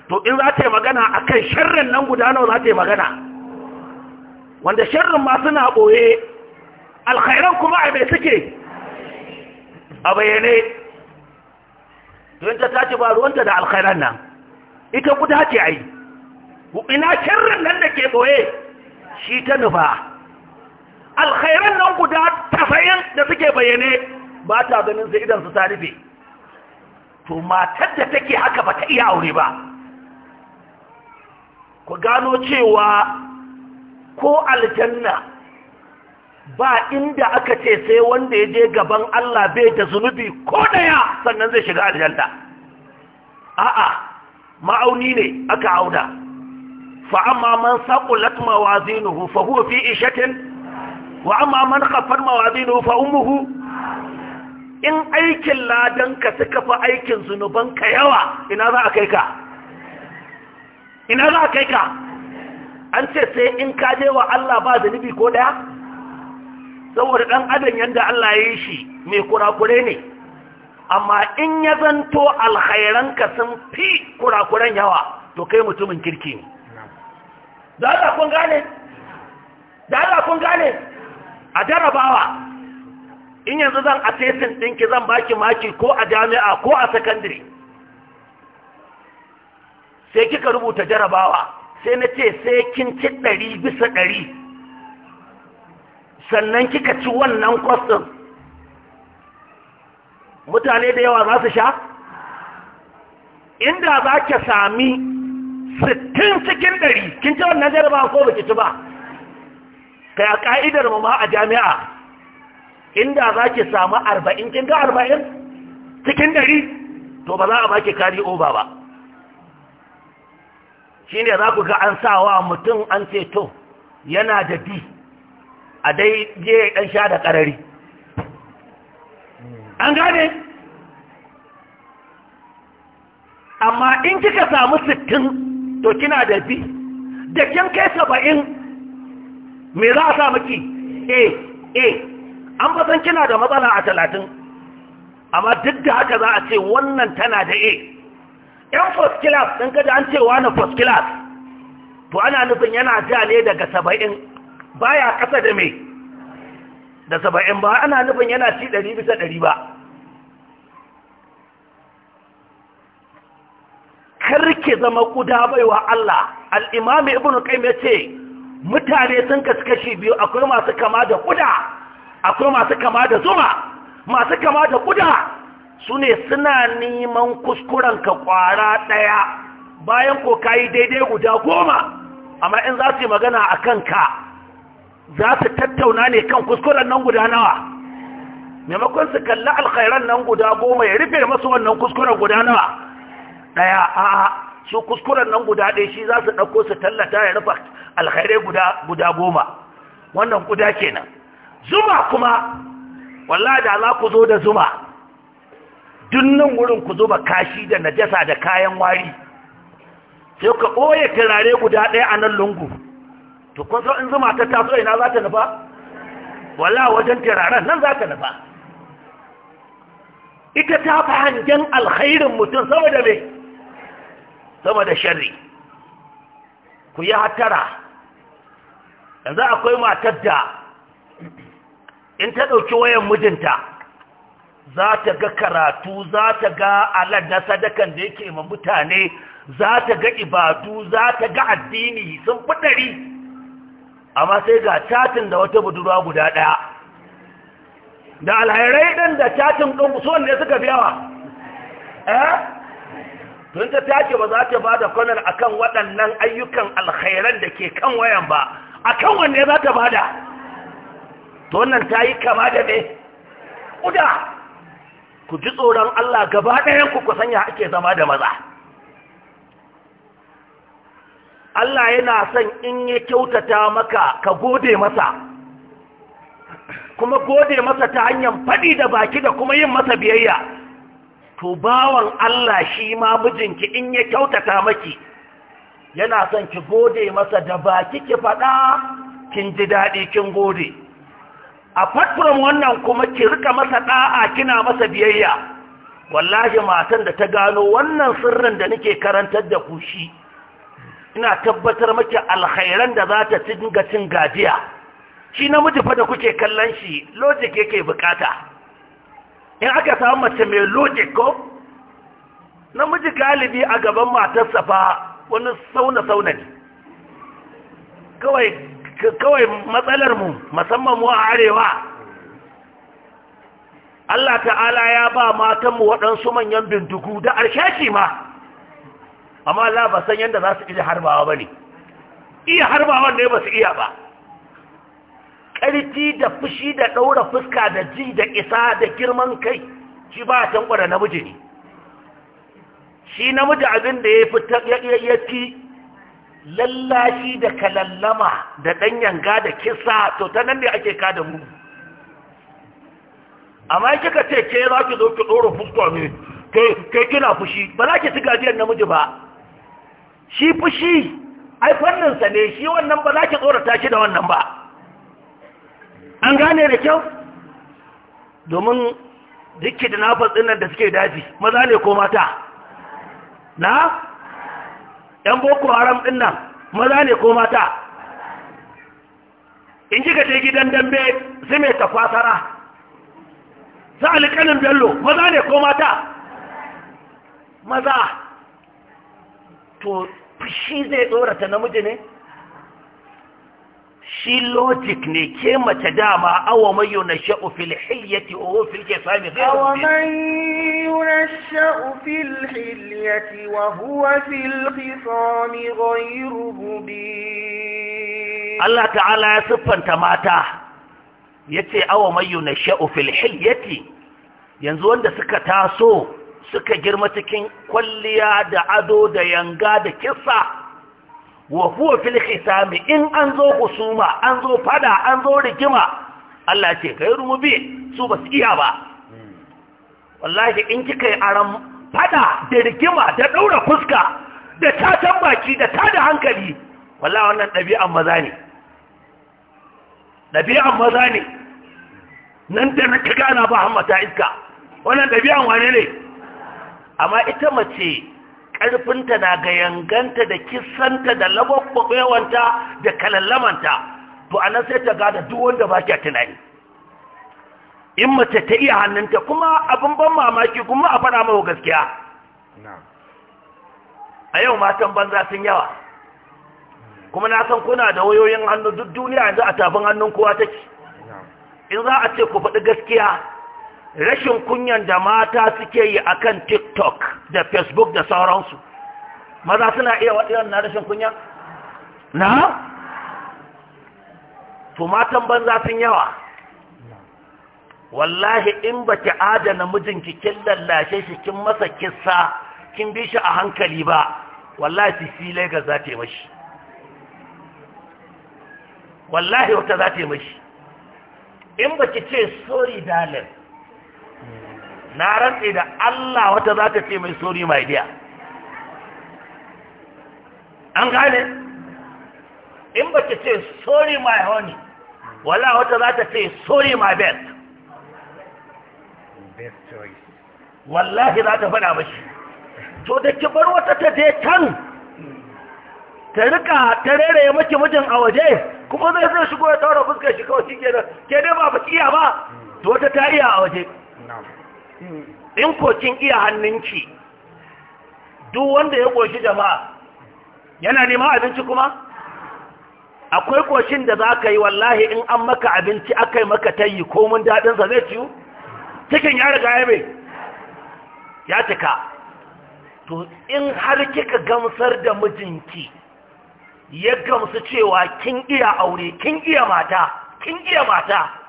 to in za ta yi magana a kan shirin nan guda za ta yi magana wanda shirin ma suna ɓoye alkhairan kuma a mai suke a bayyane don ta tace ba ruwanta da alkhairan nan ita guda ce a ai ina shirin nan da ke ɓoye shi ta nufa alkhairan nan guda tafayin da suke bayyane ba ta ganin sai idan su ta to matar da take haka ba ta iya aure ba ku gano cewa ko aljanna ba inda aka ce sai wanda ya je gaban Allah bai da zunubi ko daya sannan zai shiga aljanna a'a ma'auni ne aka auna fa amma man saqulat mawazinuhu fa huwa fi ishatin wa amma man khaffat mawazinuhu fa ummuhu in aikin ladanka suka fi aikin zunubanka yawa ina za a kai ka ina za kai ka an ce sai in ka je wa Allah ba zunubi ko daya saboda dan adam yanda Allah ya yi shi mai kurakure ne amma in ya zanto ka sun fi kurakuren yawa to kai mutumin kirki ne da Allah kun gane a jarabawa in yanzu zan asesin ɗinki zan baki maki ko a jami'a ko a sakandare sai kika rubuta jarabawa sai na ce sai kin ci ɗari bisa ɗari sannan kika ci wannan kwastin mutane da yawa za su sha inda za ka sami sittin cikin ɗari kin ci wannan jarabawa ko ba ki ci ba kai a ƙa'idar mu ma a jami'a inda za ki samu arba'in kin ga arba'in cikin ɗari to ba za a ba ki kari over ba shi ne za ku ga an sa wa mutum an ceto yana da bi a dai je ɗan sha da ƙarari an gane amma in kika samu sittin to kina da bi da kin kai saba'in me za a sa maki a a an fasan kina da matsala a talatin amma duk da haka za a ce wannan tana da a yan first class ɗin kada an cewa na first class to ana nufin yana ja ne daga saba'in baya ƙasa da mai da saba'in ba ana nufin yana ci ɗari bisa ɗari ba karke zama kuda baiwa Allah al'imami ibn qaim ya ce mutane sun kaskashi biyu akwai masu kama da kuda akwai masu kama da zuma masu kama da kuda su ne suna neman kuskuren ka kwara ɗaya bayan ko ka yi daidai guda goma amma in za su yi magana a kanka za su tattauna ne kan kuskuren nan guda nawa maimakon su kalli alkhairan nan guda goma ya rufe masu wannan kuskuren guda nawa ɗaya a su kuskuren nan guda ɗaya shi za su ɗauko su tallata ya rufa alkhairai guda goma wannan guda kenan zuma kuma wallahi da za ku zo da zuma dunnan wurin ku zuba kashi da najasa da kayan wari sai ka ɓoye turare guda ɗaya a nan lungu to kun so in zuma ta taso ina za ta nufa wala wajen turaren nan za ta nufa ita ta fi hangen alkhairin mutum sama da mai sama da shari ku yi hatara yanzu akwai matar da in ta ɗauki wayan mijinta za ta ga karatu za ta ga alad na sadakan da yake ma mutane za ta ga ibadu za ta ga addini sun fi amma sai ga catin da wata budurwa guda ɗaya da alhairai ɗin da catin ɗin so ne suka biyawa eh tun ta take ba za ta ba da kwanar akan waɗannan ayyukan alhairan da ke kan wayan ba akan wanne za ta ba da to wannan ta yi kama da ne ƙuda ku ji tsoron Allah gaba ɗayan ku ku sanya ake zama da maza Allah yana son in ya kyautata maka ka gode masa kuma gode masa ta hanyar faɗi da baki da kuma yin masa biyayya to bawan Allah shi ma mijinki in ya kyautata maki yana son ki gode masa da baki ki faɗa kin ji daɗi kin gode a from wannan kuma ki rika masa ɗa'a, kina masa biyayya wallahi matan da ta gano wannan sirrin da nake karantar da ku shi ina tabbatar maki alkhairan da za ta cinga cin gajiya shi namiji fa da kuke kallon shi logic yake bukata in aka samu mace mai logic ko namiji galibi a gaban matarsa fa wani sauna sauna ne kawai kawai matsalar mu musamman mu a arewa Allah ta'ala ya ba matanmu waɗansu manyan bindigu da arshashi ma amma Allah ba san yadda za su iya harbawa ba ne iya harbawan ne ba su iya ba ƙarfi da fushi da ɗaura fuska da ji da isa da girman kai shi ba a tankwara namiji ne shi namiji abin da ya fi lallashi da kalallama da ɗanyanga ga da kisa to ta nan ne ake kada mu amma kika ce ke za ki zo ki ɗora fuska ne kai kina fushi ba za ki ci gajiyar namiji ba shi fushi ai fanninsa ne shi wannan ba za ki tsorata shi da wannan ba an gane da kyau domin dukki da nafas ɗinnan da suke daji maza ne ko mata na yan boko haram ɗin nan maza ne ko mata in kika ce gidan dambe su mai tafasara a alƙalin bello maza ne ko mata maza to fushi zai tsorata namiji ne shi logic ne ke mace dama awa mai yunasha'u fil hilyati wa fil kisami ghayr awa man yunasha'u fil hilyati wa huwa fil kisami ghayr mubin Allah ta'ala ya siffanta mata ya ce awa mai yunasha'u fil hilyati yanzu wanda suka taso suka girma cikin kwalliya da ado da yanga da kisa. wa huwa fil khisami in an zo husuma an zo fada an zo rigima Allah ce kai rumubi su ba su iya ba wallahi in kika yi aran fada da rigima da daura fuska da tatan baki da tada hankali wallahi wannan ɗabi'an maza ne dabi'an maza ne nan da na kaga na ba ta iska wannan ɗabi'an wane ne amma ita mace ƙarfinta na ga yanganta da kisanta da lababbewanta da kalallamanta to a nan sai ta gada duk wanda ba kya tunani in mace ta iya hannunta kuma abin ban mamaki kuma a faɗa mawa gaskiya a yau matan banza sun yawa kuma na san kuna da wayoyin hannu duk duniya yanzu a tafin hannun kowa take in za a ce ku faɗi gaskiya rashin kunyan da mata suke yi akan tiktok da facebook da sauransu maza suna iya waɗiran na rashin kunya na matan banza sun yawa wallahi in ba ki adana mijinki kin lallashe shi kin masa kissa kin bi shi a hankali ba wallahi sile ga za ta yi mashi wallahi wata za ta yi mashi in ba ki ce sorry darling na rantse da Allah wata za ta ce mai sori mai diya an gane in ba ta ce sori mai honey wala wata za ta ce sori mai best best choice wallahi za ta faɗa mashi to da ki bar wata ta je can ta rika ta rere maki mijin a waje kuma zai zai shigo ya taura fuskar shi kawai shi ke ke dai ba ba ba to wata ta iya a waje Hmm. in ko kin iya hannunki duk wanda ya koshi jama'a yana neman abinci kuma akwai koshin da za ka yi wallahi in an maka abinci aka yi maka tayi komin daɗinsa zai ciwu cikin ya riga ya mai ya cika to in har kika gamsar da mijinki ya gamsu cewa kin iya aure kin iya mata kin iya mata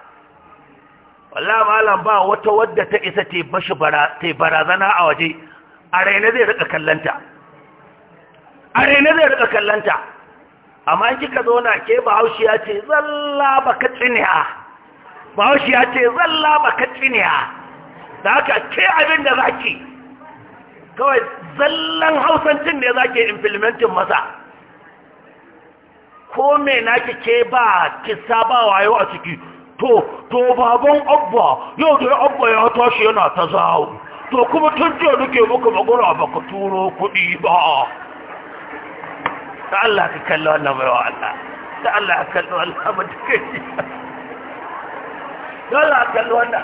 wallahi malam ba wata wadda ta isa ta mashi barazana a waje a raina zai rika kallanta a raina zai rika kallanta amma in kika zo na ke bahaushe ya ce zalla baka tsiniya bahaushe ya ce zalla baka tsiniya da haka ke abin da zaki kawai zallan hausancin ne zaki implementin masa ko me naki ke ba kisa ba wayo a ciki to to baban abba yau da abba ya tashi yana ta zawo to kuma tun jiya nake muku magana ba ka turo kuɗi ba ta Allah ka kalli wannan mai wa'ala ta Allah ka kalli wannan ba duka ji ta Allah ka kalli wannan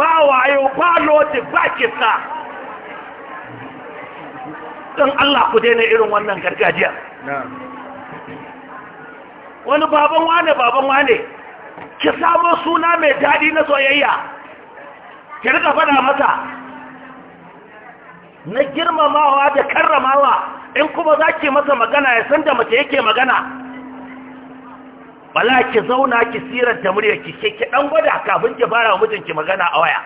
ba wayo ba lodi ba kisa don Allah ku daina irin wannan gargajiya wani baban wane baban wane ki samu suna mai daɗi na soyayya ki rika faɗa masa na girmamawa da karramawa in kuma za ki masa magana ya san da mace yake magana bala ki zauna ki siranta murya ki ki ɗan gwada kafin ki fara wa mijinki magana a waya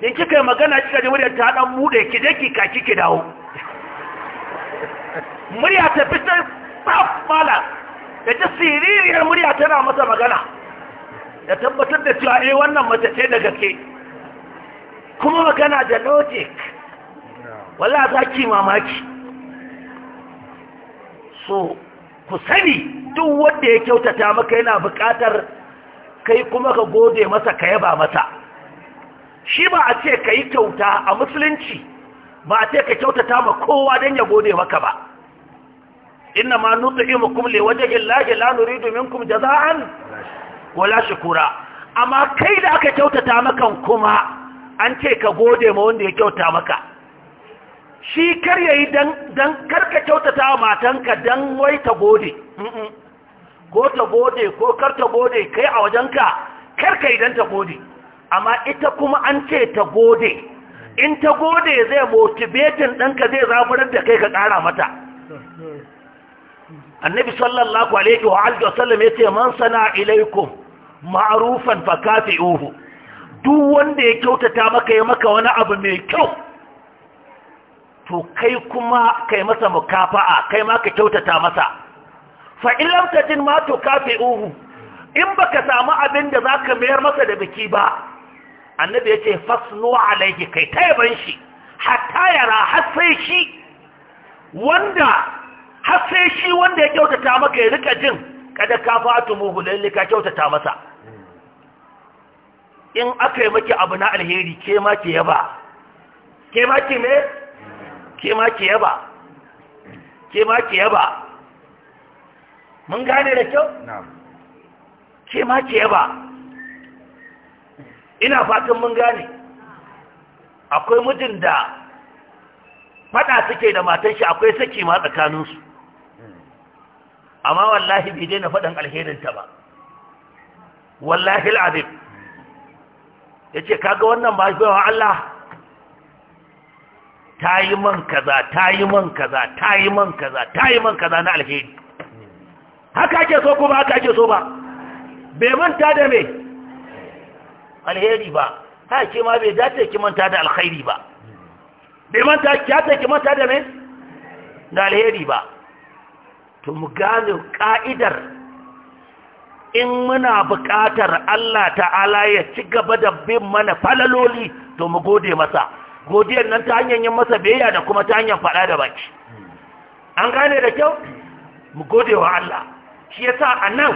in kika yi magana kika ji murya ta ɗan buɗe ki je ki kaki ki dawo murya ta fitar tsaf malam da ta siririyar murya tana masa magana da tabbatar da cewa eh wannan mace ce daga ke, kuma magana da logic wala za ki mamaki so ku sani duk wanda ya kyautata maka yana buƙatar kai kuma ka gode masa ka yaba masa shi ba a ce ka yi kyauta a musulunci ba a ce ka kyautata ma kowa don ya gode maka ba inna ma nut'imukum liwajhi llahi la nuridu minkum jaza'an wala shukura amma kai da aka kyautata maka kuma an ce ka gode ma wanda ya kyauta maka shi kar yayi dan dan karka kyautata wa matanka dan wai ta gode ko ta gode ko kar ta gode kai a wajenka karka idan ta gode amma ita kuma an ce ta gode in ta gode zai motivating ɗanka zai zaburar da kai ka ƙara mata annabi sallallahu alaihi wa alihi wasallam yace man sana ilaikum ma'rufan fakafi'uhu duk wanda ya kyautata maka ya maka wani abu mai kyau to kai kuma kai masa mukafa'a kai ma ka kyautata masa fa in lam tajin ma tukafi'uhu in baka samu abin da zaka mayar masa da biki ba annabi yace fasnu alaihi kai tayban shi hatta yara har sai shi wanda har sai shi wanda ya kyautata maka ya rika jin kada ka fatu muhu lalle ka kyautata masa in aka yi maki abu na alheri ke ma ke yaba ke ma ke me ke ma ke yaba ke ma ke yaba mun gane da kyau ke ma ke yaba ina fatan mun gane akwai mutum da fada suke da matan shi akwai saki ma tsakaninsu amma wallahi bai daina faɗin alherinta ba wallahi al'azim ya ce kaga wannan ba shi Allah ta yi man kaza ta yi man kaza ta yi man kaza ta yi man kaza na alheri haka ake so ko ba haka ake so ba bai manta da me alheri ba ta ce ma bai dace ki manta da alheri ba bai manta ki manta da me da alheri ba to mu gane ka'idar in muna buƙatar Allah ta'ala ya ci gaba da bin mana falaloli to mu gode masa godiyar nan ta hanyar yin masa biyayya da kuma ta hanyar faɗa da baki an gane da kyau mu gode wa Allah shi yasa a nan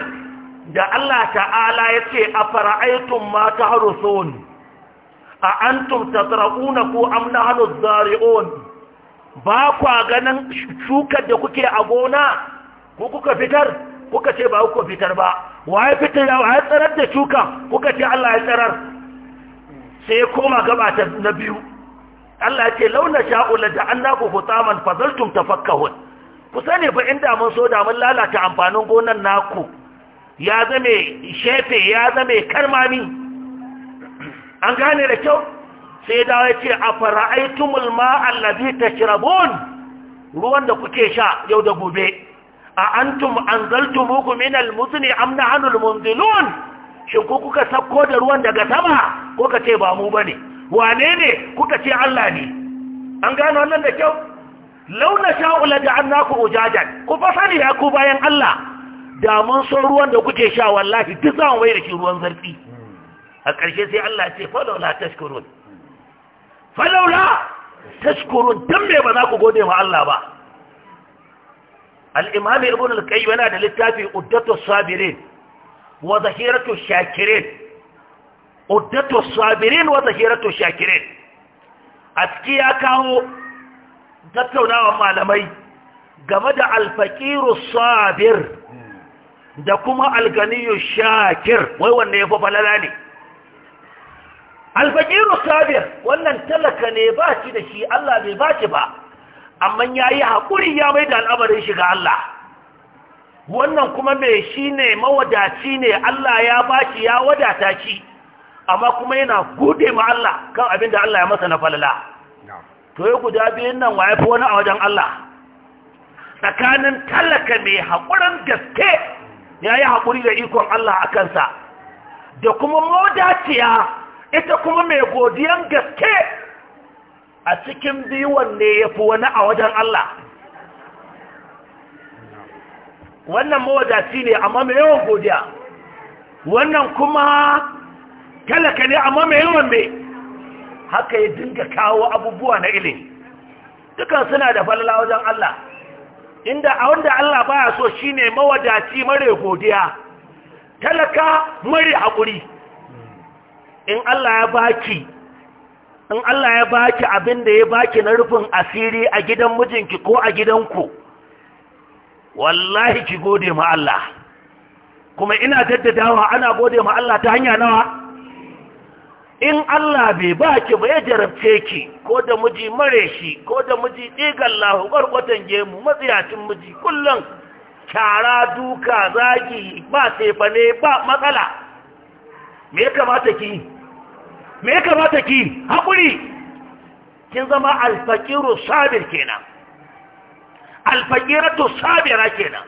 da Allah ta'ala ya ce a fara'aitun ma ta harusun a an antum tatra'una ko amna nahnu zari'un ba kwa ganin shukar da kuke a gona ko kuka fitar kuka ce ba kuka fitar ba waye fitar da waye tsarar da shuka kuka ce Allah ya tsarar sai ya koma gaba ta na biyu Allah ya ce launa sha'u la ja'alnaku hutaman fazaltum tafakkahun ku sani ba inda mun so da mun lalata amfanin gonan naku ya zame shefe ya zame karmami an gane da kyau sai dawo ya ce a fara'aitumul ta shirabun? ruwan da kuke sha yau da gobe a antum anzaltumuhu min almuzni amna nahnu shin ko kuka sako da ruwan daga sama ko ka ce ba mu bane wane ne kuka ce Allah ne an gano wannan da kyau law nasha'u la ja'alnaku ujajan ku fasali ya ku bayan Allah da mun so ruwan da kuke sha wallahi duk zan wai da shi ruwan zarfi a ƙarshe sai Allah ce Falola tashkurun Falola tashkurun dan me ba za ku gode ma Allah ba al'imami ibn al-kai yana da littafi uddatu sabirin wa zahiratu shakirin uddatu sabirin wa zahiratu shakirin a ciki ya kawo tattaunawa malamai game da alfakiru sabir da kuma alganiyu shakir wai wanne ya fi ne alfakiru sabir wannan talaka ne ba shi da shi Allah bai ba ba amma ya yi haƙuri ya mai da al'amarin shi ga Allah wannan kuma mai shi ne mawadaci ne Allah ya bashi ya wadata shi amma kuma yana gode ma Allah kan abin da Allah ya masa na falala to ya guda biyun nan wa ya fi wani a wajen Allah tsakanin talaka mai haƙurin gaske ya yi haƙuri da ikon Allah a kansa da kuma mawadaciya ita kuma mai godiyan gaske a cikin biyu ne ya fi wani a wajen Allah wannan mawadaci ne amma mai yawan godiya wannan kuma talaka ne amma mai yawan mai haka ya dinga kawo abubuwa na ilimi dukan suna da falala wajen Allah inda a wanda Allah baya so shine mawadaci mare godiya talaka mara haƙuri in Allah ya baki in Allah ya baki abin da ya baki na rufin asiri a gidan mijinki ko a gidanku wallahi ki gode ma Allah kuma ina jaddadawa ana gode ma Allah ta hanya nawa in Allah bai baki ba ya jarabce ki ko da miji mare shi ko da miji digallahu gwargwatan gemu matsiyacin miji kullum Shara, duka zagi ba sefane ba matsala me ya kamata ki yi me ya kamata ki haƙuri kin zama alfakiru sabir kenan alfakiratu sabira kenan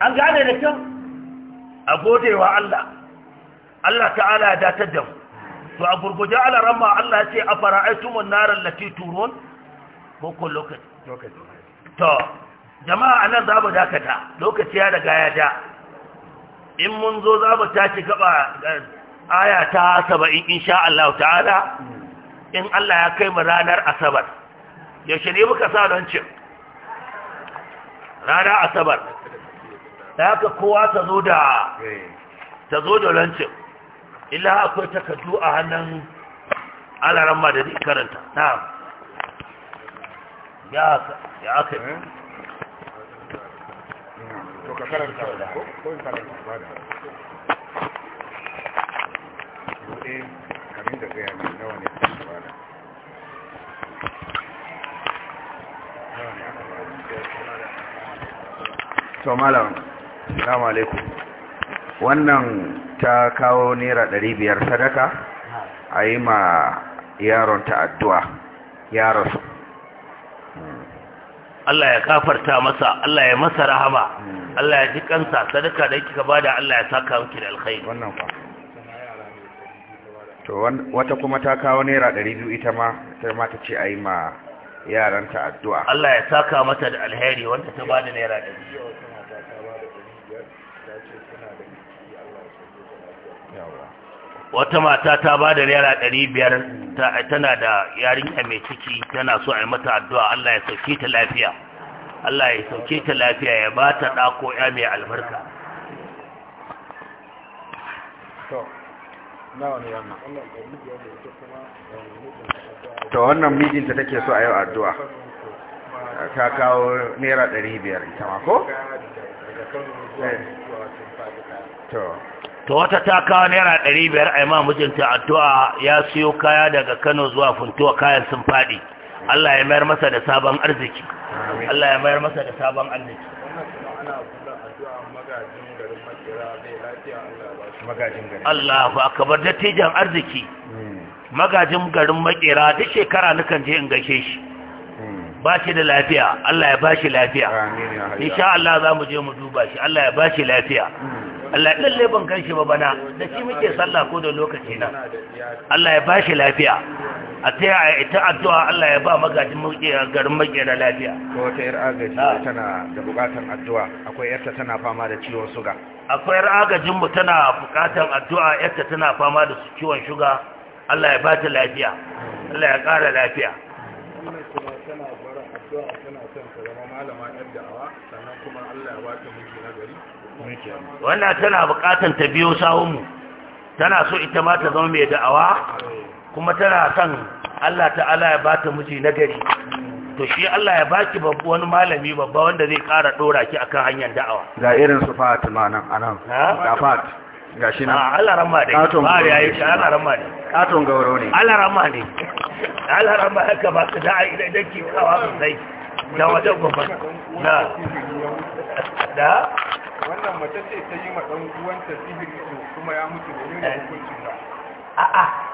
an gane da kyau a godewa Allah Allah ta'ala ya datar da mu to a gurguje ala ramma Allah ya ce a mun naran lati turon boko lokaci to jama'a anan za mu dakata lokaci ya daga ya da in mun zo za mu tashi gaba eh, aya ta saba'in insha Allah ta'ala in Allah ya kai mu ranar asabar yaushe ne muka sa don cin ranar asabar da haka kowa ta zo da ta zo da lancin illa akwai takardu a hannun alaran ma da zai karanta na ya aka yi to ka karanta ko ko karanta ba da gaya mai nawa ne kan da to malam salamu alaikum wannan ta kawo naira ɗari biyar sadaka a yi ma yaron ta addu'a ya rasu Allah ya kafarta masa Allah ya masa rahama hmm. Allah ya ji kansa sadaka da kika bada Allah ya saka miki da alkhairi wannan fa to wata kuma ta kawo naira ɗari biyu ita ma ta ma ta ce a yi ma yaranta addu'a Allah ya saka mata da alheri wanda ta ba da naira ɗari wata mata ta ba da naira ɗari biyar tana da yarinya mai ciki tana so a yi mata addu'a Allah ya sauke ta lafiya Allah ya sauke ta lafiya ya ba ta ɗako ya mai albarka ta wannan mijinta take so a yau addu'a ta kawo naira ɗari biyar ita ma ko? Eh. to wata ta kawo naira ɗari biyar a ma mijinta addu'a ya siyo kaya daga kano zuwa funtuwa kayan sun faɗi Allah ya mayar masa da sabon arziki Allah ya mayar masa da sabon arziki Allah ba kamar dattijan arziki hmm. magajin garin makera duk shekara nukan je in gaishe shi hmm. ba shi da lafiya Allah ya ba shi lafiya insha Allah za mu je mu duba shi Allah ya ba shi lafiya hmm. Allah lalle ban kan shi ba bana da shi muke sallah ko da lokaci na Allah ya ba shi lafiya a ta yi a ita addu'a Allah ya ba magajin garin da lafiya ko wata yar agaji ah. tana da bukatan addu'a akwai yarta tana fama da ciwon suga akwai yar agajin mu tana bukatan addu'a yarta tana fama da ciwon suga Allah ya ba ta lafiya Allah ya kara lafiya wannan tana bukatan ta biyo sawunmu tana so ita ma ta zama mai da'awa kuma tana son Allah ta'ala ya bata miji nagari to shi Allah ya baki babu wani malami babba wanda zai ƙara dora ki akan hanyar da'awa ga irin su Fatima nan anan ga Fat ga shi nan ah, Allah rahma dai bari yayi shi Allah rahma dai katon gauro ne Allah rahma ne Allah rahma haka ba ka da'a idan dake kawa sosai da wajen gobe na da wannan mace ce ta yi ma dan uwanta sihiri kuma ya mutu ne eh. ne hukuncin ba a'a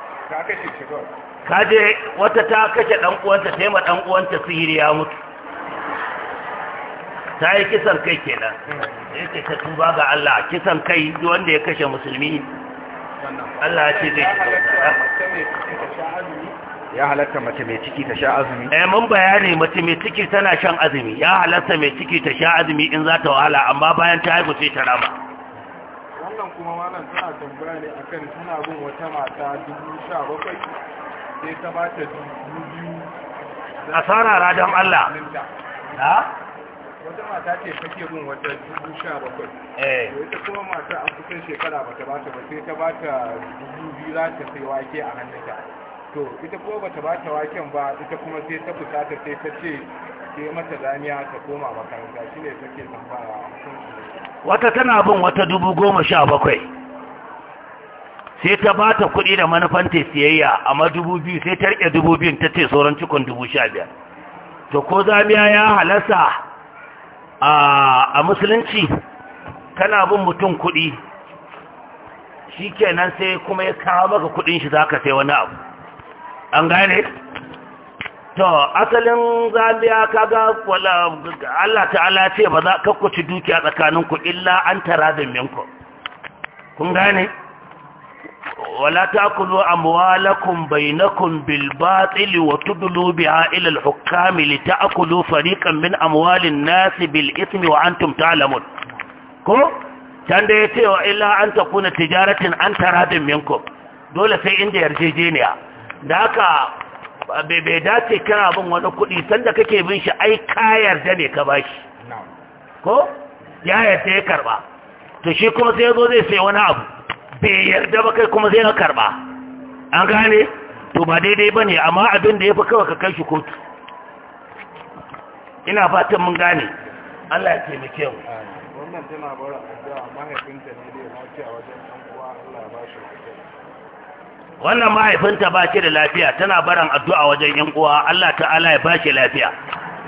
kaje wata ta kashe dan uwanta sai ma dan uwanta sihiri ya mutu ta yi kisan kai kenan yake ta tuba ga Allah kisan kai duk wanda ya kashe musulmi Allah ya ce zai ya halatta mace mai ciki ta sha azumi eh mun bayani mace mai ciki tana shan azumi ya halatta mai ciki ta sha azumi in za ta wahala amma bayan ta haihu sai ta rama wannan kuma malam tana tambaya ne akan tana bin wata mata dubu sha sai ta ba ta dubu biyu a sarara don Allah ha wata mata ce take bin wata dubu sha eh wata kuma mata an kusan shekara ba ta ba ta ba sai ta ba ta dubu biyu za ta sai wake a hannunta to ita kuma ba ta ba ta waken ba ita kuma sai ta fusata sai ta ce ke mata zaniya ta koma makaranta shine take tambaya a wata tana bin wata dubu goma sha bakwai sai ta ba ta kuɗi da manufan tesiyayya siyayya amma dubu biyu sai ta riƙe dubu biyun ta ce sauran cikon dubu sha biyar to ko zamiya ya halasta a musulunci tana bin mutum kuɗi shi kenan sai kuma ya kawo maka kuɗin shi za ka sai wani abu an gane to asalin zaliya kaga wala Allah ta'ala ce ba za ka kuci dukiya tsakanin ku illa an tara da minku kun gane wala ta'kulu amwalakum bainakum bil batil wa tudlu biha ila al hukam li ta'kulu fariqan min amwalin nas bil ithmi wa antum ta'lamun ko can da yace wa illa an takuna tijaratin an tara minku dole sai inda yarjejeniya da haka bai dace kira bin wani kudi sanda kake bin shi ai ka yarda ne ka bashi ko ya yarda ya karba to shi kuma sai yazo zo zai sai wani abu bai yarda ba kai kuma sai ka karba an gane to ba daidai ba ne amma abin da ya fi kawai ka kai shi kotu ina fatan mun gane Allah ya taimake mu wannan tana bara addu'a mahaifinta wannan mahaifinta ba shi da lafiya tana baran addu'a wajen yan uwa Allah ta'ala ya bashi lafiya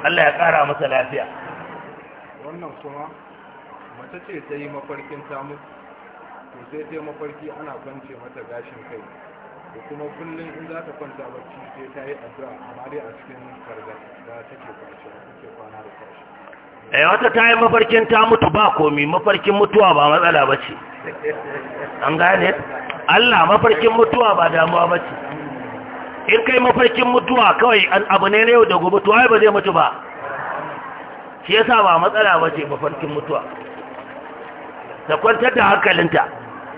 Allah ya ƙara masa lafiya wannan kuma mata ce ta yi mafarkin ta to sai ta mafarki ana kwance mata gashin kai da kuma kullum in za ta kwanta bacci sai ta yi addu'a amma dai a cikin farga da take kwanciya ke kwana da kwashi eh wata ta yi mafarkin ta mutu ba komi mafarkin mutuwa ba matsala ba ce an gane Allah mafarkin mutuwa ba damuwa ba ce in kai mafarkin mutuwa kawai abu ne na yau da gobe to ai ba zai mutu ba shi yasa ba matsala ba ce mafarkin mutuwa ta kwantar da hankalinta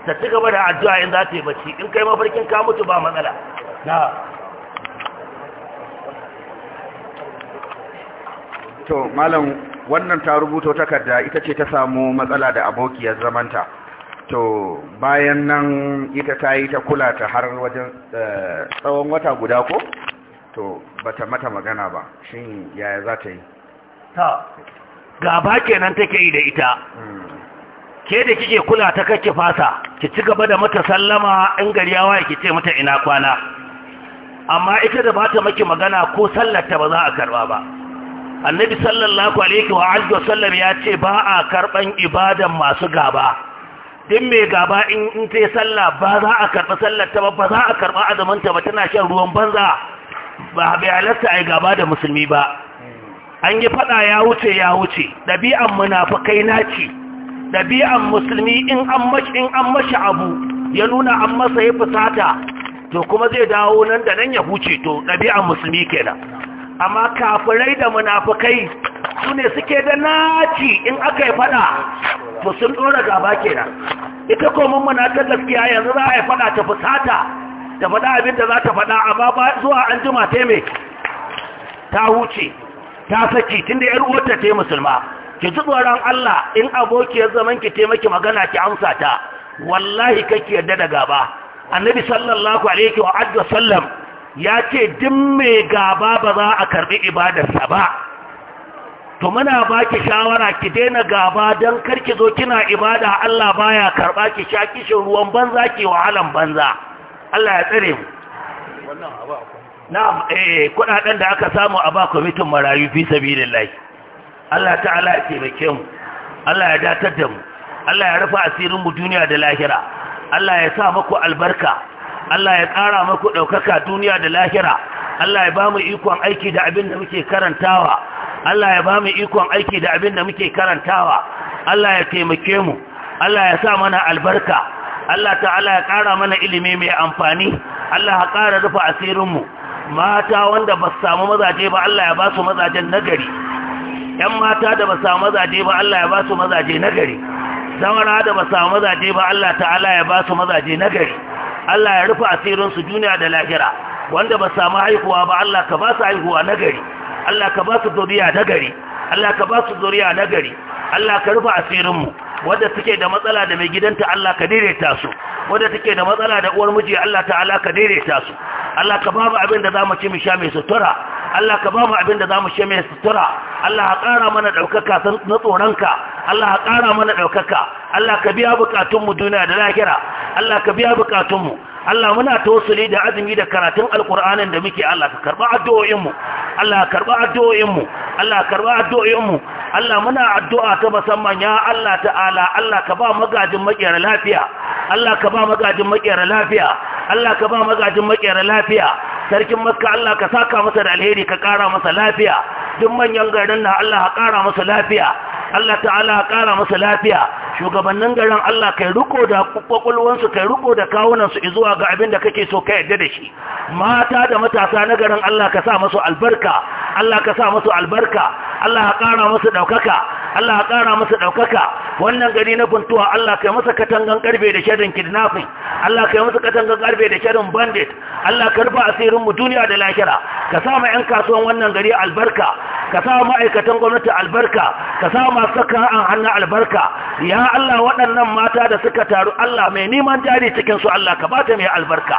ta ci gaba da addu'a in za ta yi bacci in kai mafarkin ka mutu ba matsala na to malam wannan ta rubuto takarda ita ce ta samu matsala da abokiyar zamanta to bayan nan ita ta yi ta kula ta har wajen eh, tsawon wata guda ko to bata mata magana ba shin yaya za ta yi ta gaba kenan take yi da ita hmm. ke da kike kula ta kake fasa ki ci gaba da mata sallama in gari ya ki ce mata ina kwana amma ita da bata ta maki magana ko sallar ta ba za a karba ba annabi sallallahu alaihi wa alihi wasallam ya ce ba a karban ibadan masu gaba din mai gaba in in yi sallah ba za a karba sallar ta ba za a karba azaman ta ba tana shan ruwan banza ba bai halatta ai gaba da musulmi ba an yi fada ya wuce ya wuce dabi'an munafikai naci dabi'an musulmi in an mashi in an mashi abu ya nuna an masa ya fusata to kuma zai dawo nan da nan ya huce to dabi'an musulmi kenan amma kafirai da munafukai su ne suke da naci in aka yi fada to sun dora gaba kenan ita komin muna ta gaskiya yanzu za a yi fada ta fusata ta fada abin da za ta fada amma ba zuwa an jima ta mai ta huce ta saki tun da yar uwarta ta yi musulma ki ji tsoron Allah in abokiyar zaman ki taimaki magana ki amsa ta wallahi kake yadda da gaba annabi sallallahu alaihi wa sallam ya ce din mai gaba ba za a karbi ibadarsa ba to muna baki shawara ki daina gaba don karki zo kina ibada Allah baya karba ki sha kishin ruwan banza ki wahalan banza Allah ya tsare mu na'am eh kudaden da aka samu a ba kwamitin marayu fi sabilillah Allah ta'ala ya taimake mu Allah ya datar da mu Allah ya rufa asirin mu duniya da lahira Allah ya sa muku albarka Allah ya ƙara maku ɗaukaka duniya da lahira Allah ya ba mu ikon aiki da abin da muke karantawa Allah ya ba mu ikon aiki da abin da muke karantawa Allah ya taimake mu Allah ya sa mana albarka Allah ta'ala ya ƙara mana ilimi mai amfani Allah ya ƙara rufe asirinmu mata wanda ba su samu mazaje ba Allah ya ba su mazajen nagari ‘yan mata da ba su samu mazaje ba Allah ya ba su mazaje nagari zawara da ba su samu mazaje ba Allah ta'ala ya ba su mazaje nagari Allah ya rufe asirin su duniya da lahira wanda ba samu haihuwa ba Allah ka ba su haihuwa nagari Allah ka ba su zuriya nagari Allah ka ba su zuriya na gari Allah ka rufe asirinmu wadda take da matsala da mai gidanta Allah ka daidaita su wadda take da matsala da uwar miji Allah ala ka daidaita su Allah ka babu abin da mu ci mu sha mai sutura Allah ka babu abin da mu sha mai sutura Allah ka ƙara mana ɗaukaka na tsoronka Allah ka ƙara mana ɗaukaka. Allah ka biya buƙatunmu duniya da lahira Allah ka biya bukatunmu Allah muna tawassuli da azumi da karatun alkur'anin da muke Allah ka karba addu'o'inmu Allah ka karba addu'o'inmu Allah ka karba addu'o'inmu Allah muna addu'a ta musamman ya Allah ta'ala Allah ka ba magajin makiyar lafiya Allah ka ba magajin makiyar lafiya Allah ka ba magajin makiyar lafiya sarkin makka Allah ka saka masa da alheri ka kara masa lafiya duk manyan garin na Allah ka kara masa lafiya Allah ta'ala ƙara masa lafiya shugabannin garin Allah kai riko da kwakwalwansu kai riko da kawunansu zuwa ga abin da kake so ka yadda da shi mata da matasa na garin Allah ka sa masu albarka Allah ka sa masu albarka Allah ƙara masu ɗaukaka Allah ƙara masu ɗaukaka wannan gari na guntuwa. Allah kai masa katangan karfe da shirin kidnapping Allah kai masa katangan karfe da shirin bandit Allah asirin mu duniya da lahira ka sa ma 'yan kasuwan wannan gari albarka ka sa ma'aikatan gwamnati albarka ka sa masu saka an hannun albarka ya Allah waɗannan mata da suka taru Allah mai neman jari cikin su Allah ka bata mai albarka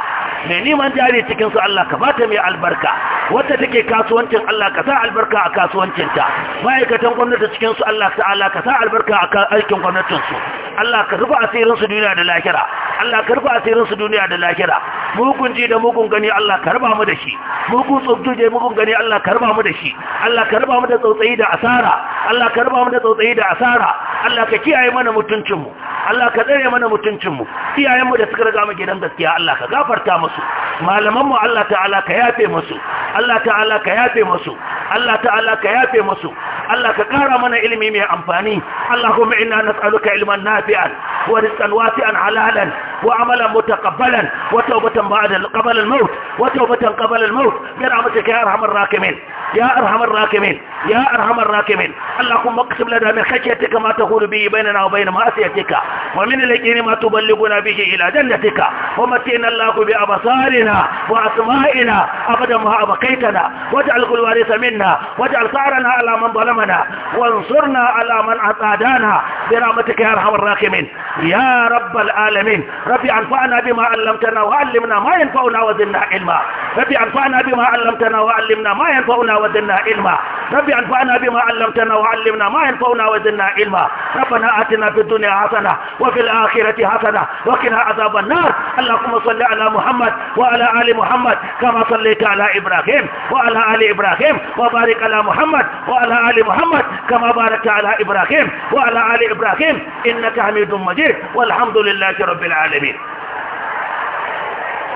mai neman jari cikin su Allah ka bata mai albarka wacce take kasuwancin Allah ka sa albarka a kasuwancinta ma'aikatan gwamnati cikin su Allah ta'ala ka sa albarka a aikin gwamnatin su Allah ka rufe asirin su duniya da lahira Allah ka rufe asirin su duniya da lahira mugun ji da mugun gani Allah ka raba mu da shi mugun tsubtuje mugun gani Allah ka raba mu da shi Allah ka raba mu da tsautsayi da asara Allah ka mu da tsautsayi da asara Allah ka kiyaye mana mutuncin mu Allah ka tsare mana mutuncin mu iyayen mu da suka riga mu gidan gaskiya Allah ka gafarta musu malaman mu Allah ta'ala ka yafe musu Allah ta'ala ka yafe musu Allah ta'ala ka yafe musu Allah ka kara mana ilimi mai amfani Allahumma inna nas'aluka ilman nafi'an wa rizqan wasi'an halalan wa amalan mutaqabbalan wa tawbatan ba'da qabla al-maut wa tawbatan qabla al-maut bi rahmatika ya arhamar rakimin ya arhamar rakimin يا أرحم الراحمين اللهم اقسم لنا من خشيتك ما تقول به بيننا وبين معصيتك ومن الذين ما تبلغنا به إلى جنتك ومتئنا الله بأبصارنا وأسمائنا أبدا ما أبقيتنا واجعل كل وارث منا واجعل ثارنا على من ظلمنا وانصرنا على من أعطانا برحمتك يا أرحم الراحمين يا رب العالمين ربي أنفعنا بما علمتنا وعلمنا ما ينفعنا وزدنا علما ربي أنفعنا بما علمتنا وعلمنا ما ينفعنا وزدنا علما ربي أنفعنا بما علمتنا وعلمنا ما ينفعنا وزدنا علما ربنا آتنا في الدنيا حسنة وفي الآخرة حسنة وقنا عذاب النار اللهم صل على محمد وعلى آل محمد كما صليت على إبراهيم وعلى آل إبراهيم وبارك على محمد وعلى آل محمد كما باركت على إبراهيم وعلى آل إبراهيم إنك حميد مجيد والحمد لله رب العالمين